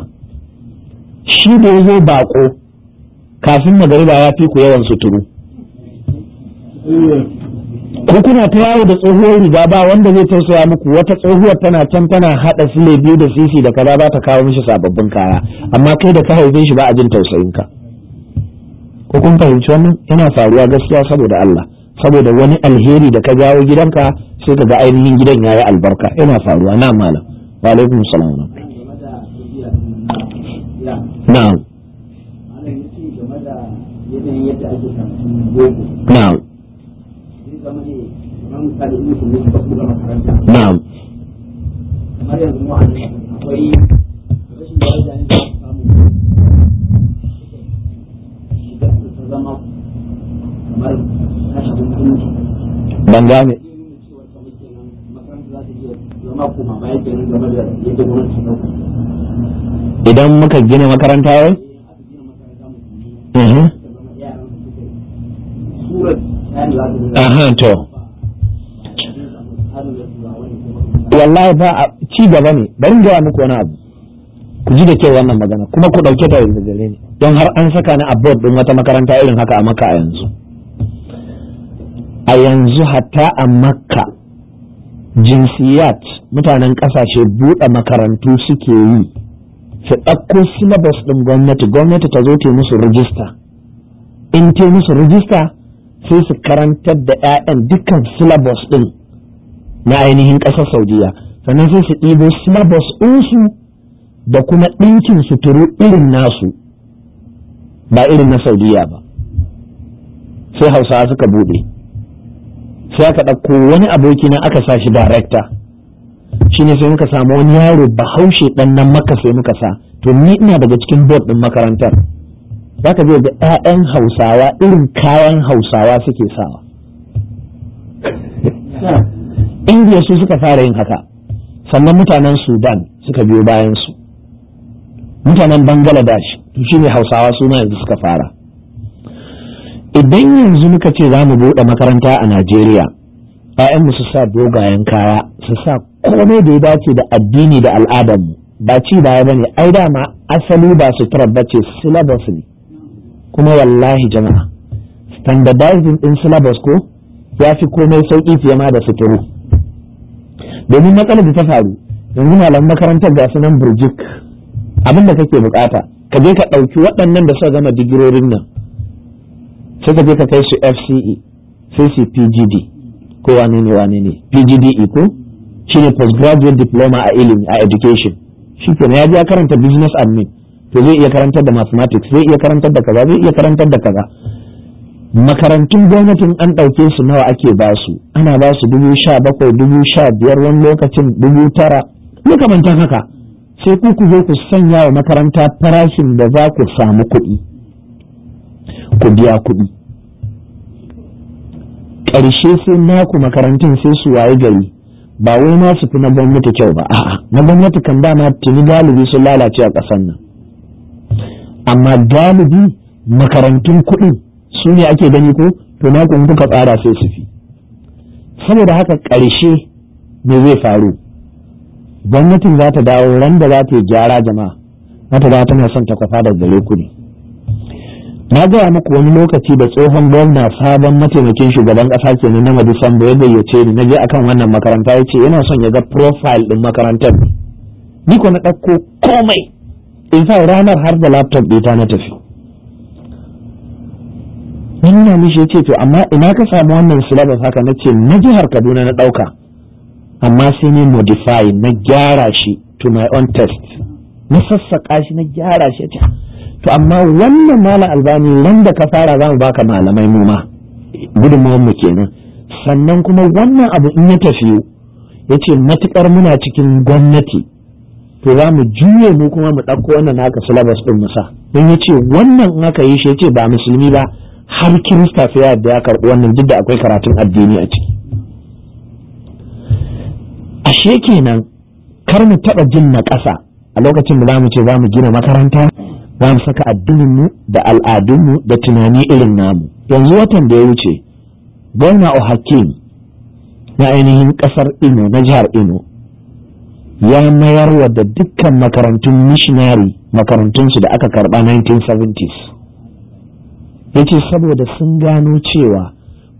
shi da zo bako kafin magariba ya fi ku yawan suturu ko kuna ta yawo da tsohuwar riga ba wanda zai tausaya muku wata tsohuwar tana can tana haɗa sile biyu da sisi da kaza ba ta kawo mishi sababbin kaya amma kai da ka haife shi ba a jin tausayinka ko kun fahimci wannan yana faruwa gaskiya saboda Allah saboda wani alheri da ka jawo gidanka sai ka ga ainihin gidan yayi albarka yana faruwa na malam wa alaikum salam na'am na'am na'am ban gane idan muka gina makaranta eh, yau mm-hmm. aha to wallahi ba a ci gaba ne bari wa muku wani abu ku ji da ke wannan magana kuma ku dauke ta da gare ni don har an saka ni a board din wata makaranta irin haka a maka a yanzu a yanzu hatta a makka jinsiyat mutanen ƙasashe buɗe makarantu suke yi su ɗauko silabus ɗin gwamnati gwamnati ta zo ta musu rijista in ta musu rijista sai su karantar da 'ya'yan dukkan silabus ɗin na ainihin ƙasar saudiya sannan sai su ɗibo syllabus ɗinsu da kuma ɗinkin suturu irin nasu ba irin na saudiya ba sai hausawa suka buɗe sai aka ɗauko wani abokina aka sa shi darekta shine sai muka samu wani yaro bahaushe dan nan maka sai muka sa to ni ina daga cikin board din makarantar zaka je ga ƴaƴan Hausawa irin kayan Hausawa suke sawa Indiya su suka fara yin haka sannan mutanen Sudan suka biyo bayan su mutanen Bangladesh to shine Hausawa su yanzu suka fara idan yanzu muka ce za mu buɗe makaranta a Najeriya ‘ya'yanmu su sa dogayen kaya su sa kome da ya dace da addini da al'adar mu ba ci baya ne, ai dama asali ba su suturar bace syllabus ne kuma wallahi jama'a standardizing din syllabus ko ya fi komai sauki fiye ma da suturu domin matsalar da ta faru yanzu malam makarantar ga sunan burjik abin da kake bukata ka je ka ɗauki waɗannan da suka gama digirorin nan sai ka je ka kai su fce sai su pgd ko wane ne wane ne pgde ko shine postgraduate diploma a ilimi a education shi kenan ya je ya karanta business admin to zai iya karantar da mathematics zai iya karantar da kaza zai iya karantar da kaza makarantun gwamnatin an ɗauke su nawa ake ba su ana ba su dubu sha bakwai dubu sha biyar wani lokacin dubu tara makamantan haka sai ku ku zo ku sanya wa makaranta farashin da za ku samu kuɗi ku biya kuɗi ƙarshe sai naku makarantun sai su waye gari ba wai na su fi na gwamnati kyau ba a'a na gwamnati kan dama tuni galibi sun lalace a ƙasar nan amma galibi makarantun kuɗin su ne ake gani ko to na kun kuka tsara sai su fi saboda haka ƙarshe me zai faru gwamnatin za ta dawo ran da za ta yi gyara jama'a mata za na son ta kwafa da gare ku na gaya muku wani lokaci da tsohon gwamna sabon mataimakin shugaban kasa ke na madu sambo ya gayyace ni na je akan wannan makaranta ya ce yana son ya ga profile din makarantar ni ko na ɗauko komai in sa ranar har da laptop ta na tafi na mishi ya ce to amma ina ka samu wannan syllabus haka na ce na jihar kaduna na ɗauka amma sai ne modify na gyara shi to my own test na sassaƙa shi na gyara shi ya ce to amma wannan malam albani wanda ka fara za mu baka malamai mu ma gudunmawar mu kenan sannan kuma wannan abu in ya tafi ya ce matukar muna cikin gwamnati to za mu juye mu kuma mu ɗauko wannan naka syllabus ɗin musa don ya ce wannan in aka yi shi ya ce ba musulmi ba har kirista sai ya da ya karɓi wannan duk da akwai karatun addini a ciki ashe kenan kar mu taɓa jin na ƙasa a lokacin da za mu ce za mu gina makaranta za mu saka addininmu da al'adunmu da tunani irin namu yanzu watan da ya wuce gwamna hakim na ainihin kasar ino na jihar ino ya mayar wa da dukkan makarantun missionary makarantunsu da aka karba 1970s ya ce saboda sun gano cewa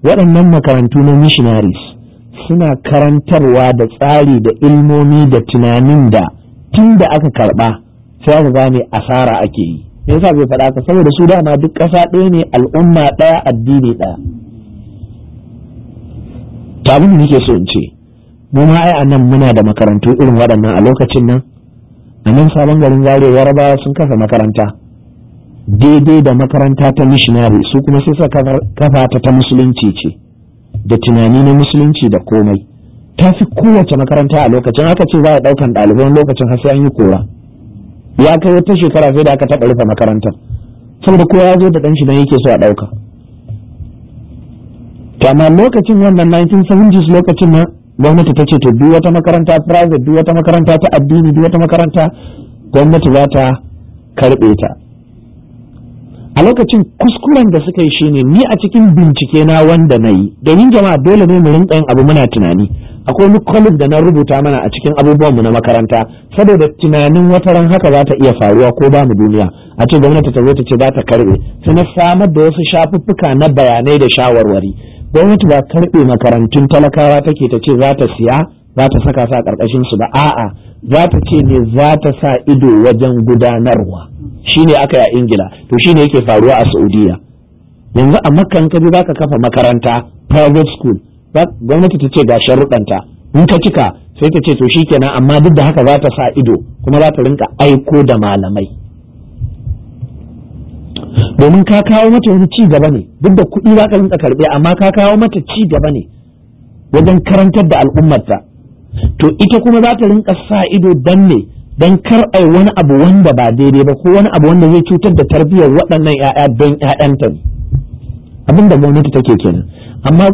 waɗannan makarantu na missionaries suna karantarwa da tsari da ilmomi da tunanin da tun da aka karɓa sai aka gane asara ake yi me yasa bai faɗa ka saboda su dama duk ƙasa ɗaya ne al'umma ɗaya addini ɗaya to abin da nake so in ce mu ma ai nan muna da makarantu irin waɗannan a lokacin nan a nan sabon garin zaria yarabawa sun kafa makaranta daidai da makaranta ta mishinari su kuma sai suka kafa ta ta musulunci ce da tunani na musulunci da komai ta fi kowace makaranta a lokacin haka ce za a ɗaukan ɗaliban lokacin har an yi kora ya kai wata shekara sai da aka taɓa rufe makarantar saboda kowa ya zo da ɗan shi dan yake so a ɗauka amma lokacin wannan 1970s lokacin na gwamnati ta ce to duk wata makaranta private duk wata makaranta ta addini duk wata makaranta gwamnati za ta karɓe ta a lokacin kuskuren da suka yi shine ni a cikin bincike na wanda na yi domin jama'a dole ne mu rinka yin abu muna tunani akwai wani da na rubuta mana a cikin abubuwan mu na makaranta saboda tunanin wata ran haka za ta iya faruwa ko ba mu duniya a ce gwamnati ta zo ta ce za ta karbe sai na samar da wasu shafuffuka na bayanai da shawarwari gwamnati ba karbe makarantun talakawa take ta ce za ta siya za ta saka sa karkashin su ba a'a za ta ce ne za ta sa ido wajen gudanarwa shine aka yi a ingila to shine yake faruwa a saudiya yanzu a makka ka zaka kafa makaranta private school gwamnati ta ce ga sharuɗanta in ka cika sai ta ce to shikenan amma duk da haka za ta sa ido kuma za ta rinka aiko da malamai domin ka kawo mata wani ci gaba ne duk da kuɗi za ka rinka karɓe amma ka kawo mata ci gaba ne wajen karantar da al'ummarta to ita kuma za ta rinka sa ido dan ne dan kar ai wani abu wanda ba daidai ba ko wani abu wanda zai cutar da tarbiyyar waɗannan 'ya'ya don 'ya'yanta ne abin da gwamnati take kenan amma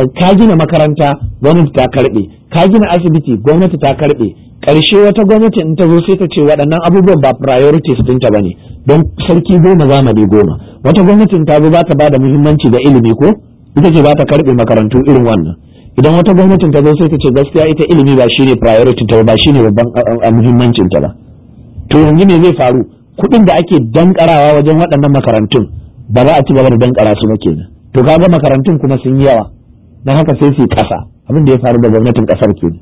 eh, ka gina makaranta gwamnati ta karbe ka gina asibiti gwamnati ta karbe karshe wata gwamnati in ta zo sai ta ce waɗannan abubuwan ba priorities ɗinta ba ne don sarki goma zamani goma wata gwamnati ta zo ba ta ba da muhimmanci ga ilimi ko ita ce ba ta karbe makarantu irin wannan idan wata gwamnatin ta zo sai ta ce gaskiya ita ilimi ba shine priority ta ba shine babban muhimmancin ta ba to yanzu me zai faru kuɗin da ake dankarawa wajen waɗannan makarantun ba za a ci gaba da dankara su ba kenan to kaga makarantun kuma sun yi yawa dan haka sai su kasa abin da ya faru da gwamnatin kasar kenan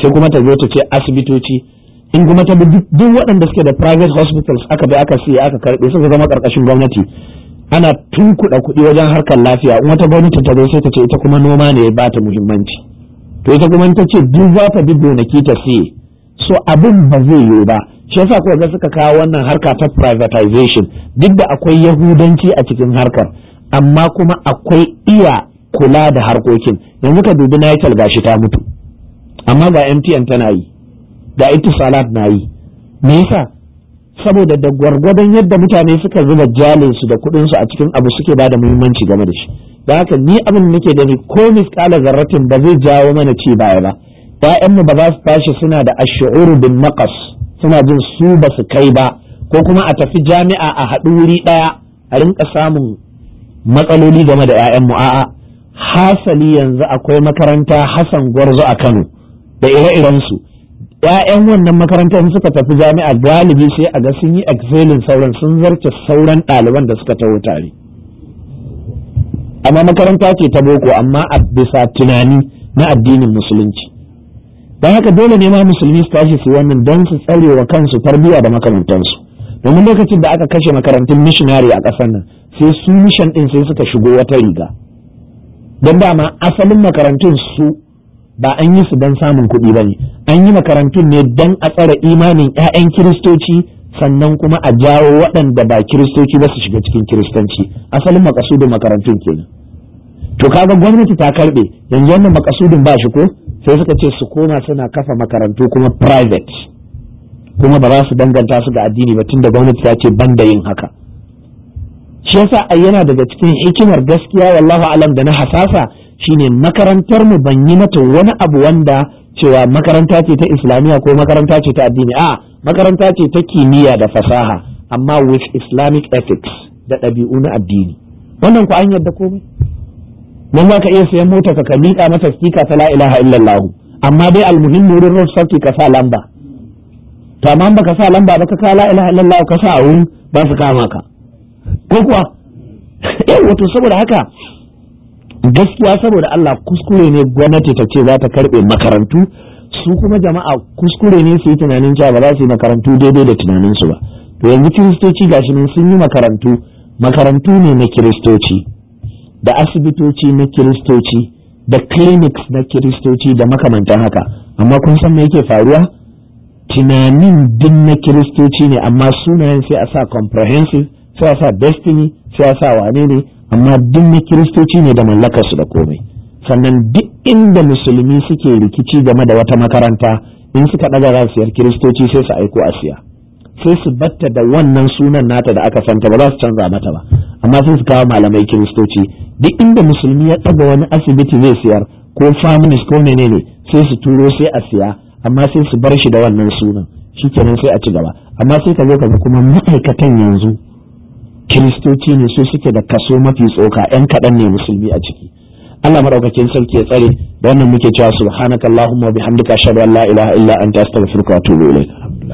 sai kuma ta zo ta ce asibitoci in kuma ta duk waɗanda suke da private hospitals aka bi aka siya aka karɓe suka zama ƙarƙashin gwamnati ana tunkuɗa kuɗi wajen harkar lafiya in wata gwamnati ta zo sai ta ce ita kuma noma ne ba ta muhimmanci to ita kuma ta ce duk za ta bi gonaki ta siye so abin ba zai yiwu ba shi yasa ko ga suka kawo wannan harka ta privatization duk da akwai yahudanci a cikin harkar amma kuma akwai iya kula da harkokin yanzu ka dubi Nitel gashi ta mutu amma ga MTN tana yi ga Etisalat na yi me yasa saboda da gwargwadon yadda mutane suka zuba jalin su da su a cikin abu suke ba da muhimmanci game da shi da haka ni abin da nake gani ko kala zarratin ba zai jawo mana ci baya ba ƴaƴanmu ba za su tashi suna da ash'uru bin maqas suna jin su ba su kai ba ko kuma a tafi jami'a a haɗu wuri ɗaya a rinka samun matsaloli game da 'ya'yan a'a hasali yanzu akwai makaranta Hassan Gwarzo a Kano da ire-irensu ‘ya'yan wannan makarantar suka tafi jami'a galibi sai a ga sun yi exilin sauran sun zarce sauran ɗaliban da suka taho tare amma makaranta ce ta boko amma a bisa tunani na addinin musulunci don haka dole ne ma musulmi su tashi su wannan don su tsare wa kansu tarbiyya da makarantansu domin lokacin da aka kashe makarantun missionary a ƙasar nan sai su mishan din sai suka shigo wata riga don dama asalin makarantun su ba an yi su don samun kuɗi ba ne an yi makarantun ne don a tsare imanin 'ya'yan kiristoci sannan kuma a jawo waɗanda ba kiristoci ba su shiga cikin kiristanci asalin makasudin makarantun kenan to kaga gwamnati ta karɓe yanzu wannan makasudin ba shi ko sai suka ce su koma suna kafa makarantu kuma private kuma ba za su danganta su ga addini ba tun da gwamnati ta ce banda yin haka shi yasa ai yana daga cikin hikimar gaskiya wallahu alam da na hasasa shine makarantar mu ban yi mata wani abu wanda cewa makaranta ce ta islamiyya ko makaranta ce ta addini a makaranta ce ta kimiyya da fasaha amma with islamic ethics da ɗabi'u na addini wannan ku an yadda komai Mun ba ka iya sayan mota ka miƙa masa stika ta la ilaha illallah amma dai almuhimmi wurin road safety ka sa lamba ma ba ka sa lamba ba ka ka la ilaha illallah ka sa a wurin ba su kama ka ko kuwa yawa wato saboda haka gaskiya saboda Allah kuskure ne gwamnati ta ce za ta karbe makarantu su kuma jama'a kuskure ne su yi tunanin cewa ba za su yi makarantu daidai da tunaninsu ba to yanzu kiristoci gashi nan sun yi makarantu makarantu ne na kiristoci da asibitoci na kiristoci da clinics na kiristoci da makamantan haka amma kun san me yake faruwa tunanin din na kiristoci ne amma sunayen sai a sa comprehensive sai a sa destiny sai a sa wane ne amma din na kiristoci ne da mallakar su da komai sannan duk inda musulmi suke rikici game da wata makaranta in suka ɗaga rasiyar kiristoci sai su aiko a siya sai su batta da wannan sunan nata da aka santa ba za su canza mata ba amma sai su kawo malamai kiristoci duk inda musulmi ya tsaga wani asibiti zai siyar ko faminis ko menene sai su turo sai a siya amma sai su bar shi da wannan sunan shi kenan sai a ci gaba amma sai ka zo ka ga kuma ma'aikatan yanzu kiristoci ne su suke da kaso mafi tsoka yan kaɗan ne musulmi a ciki Allah madaukakin sarki ya tsare da wannan muke cewa subhanakallahumma bihamdika ashhadu an la ilaha illa anta astaghfiruka wa atubu ilayk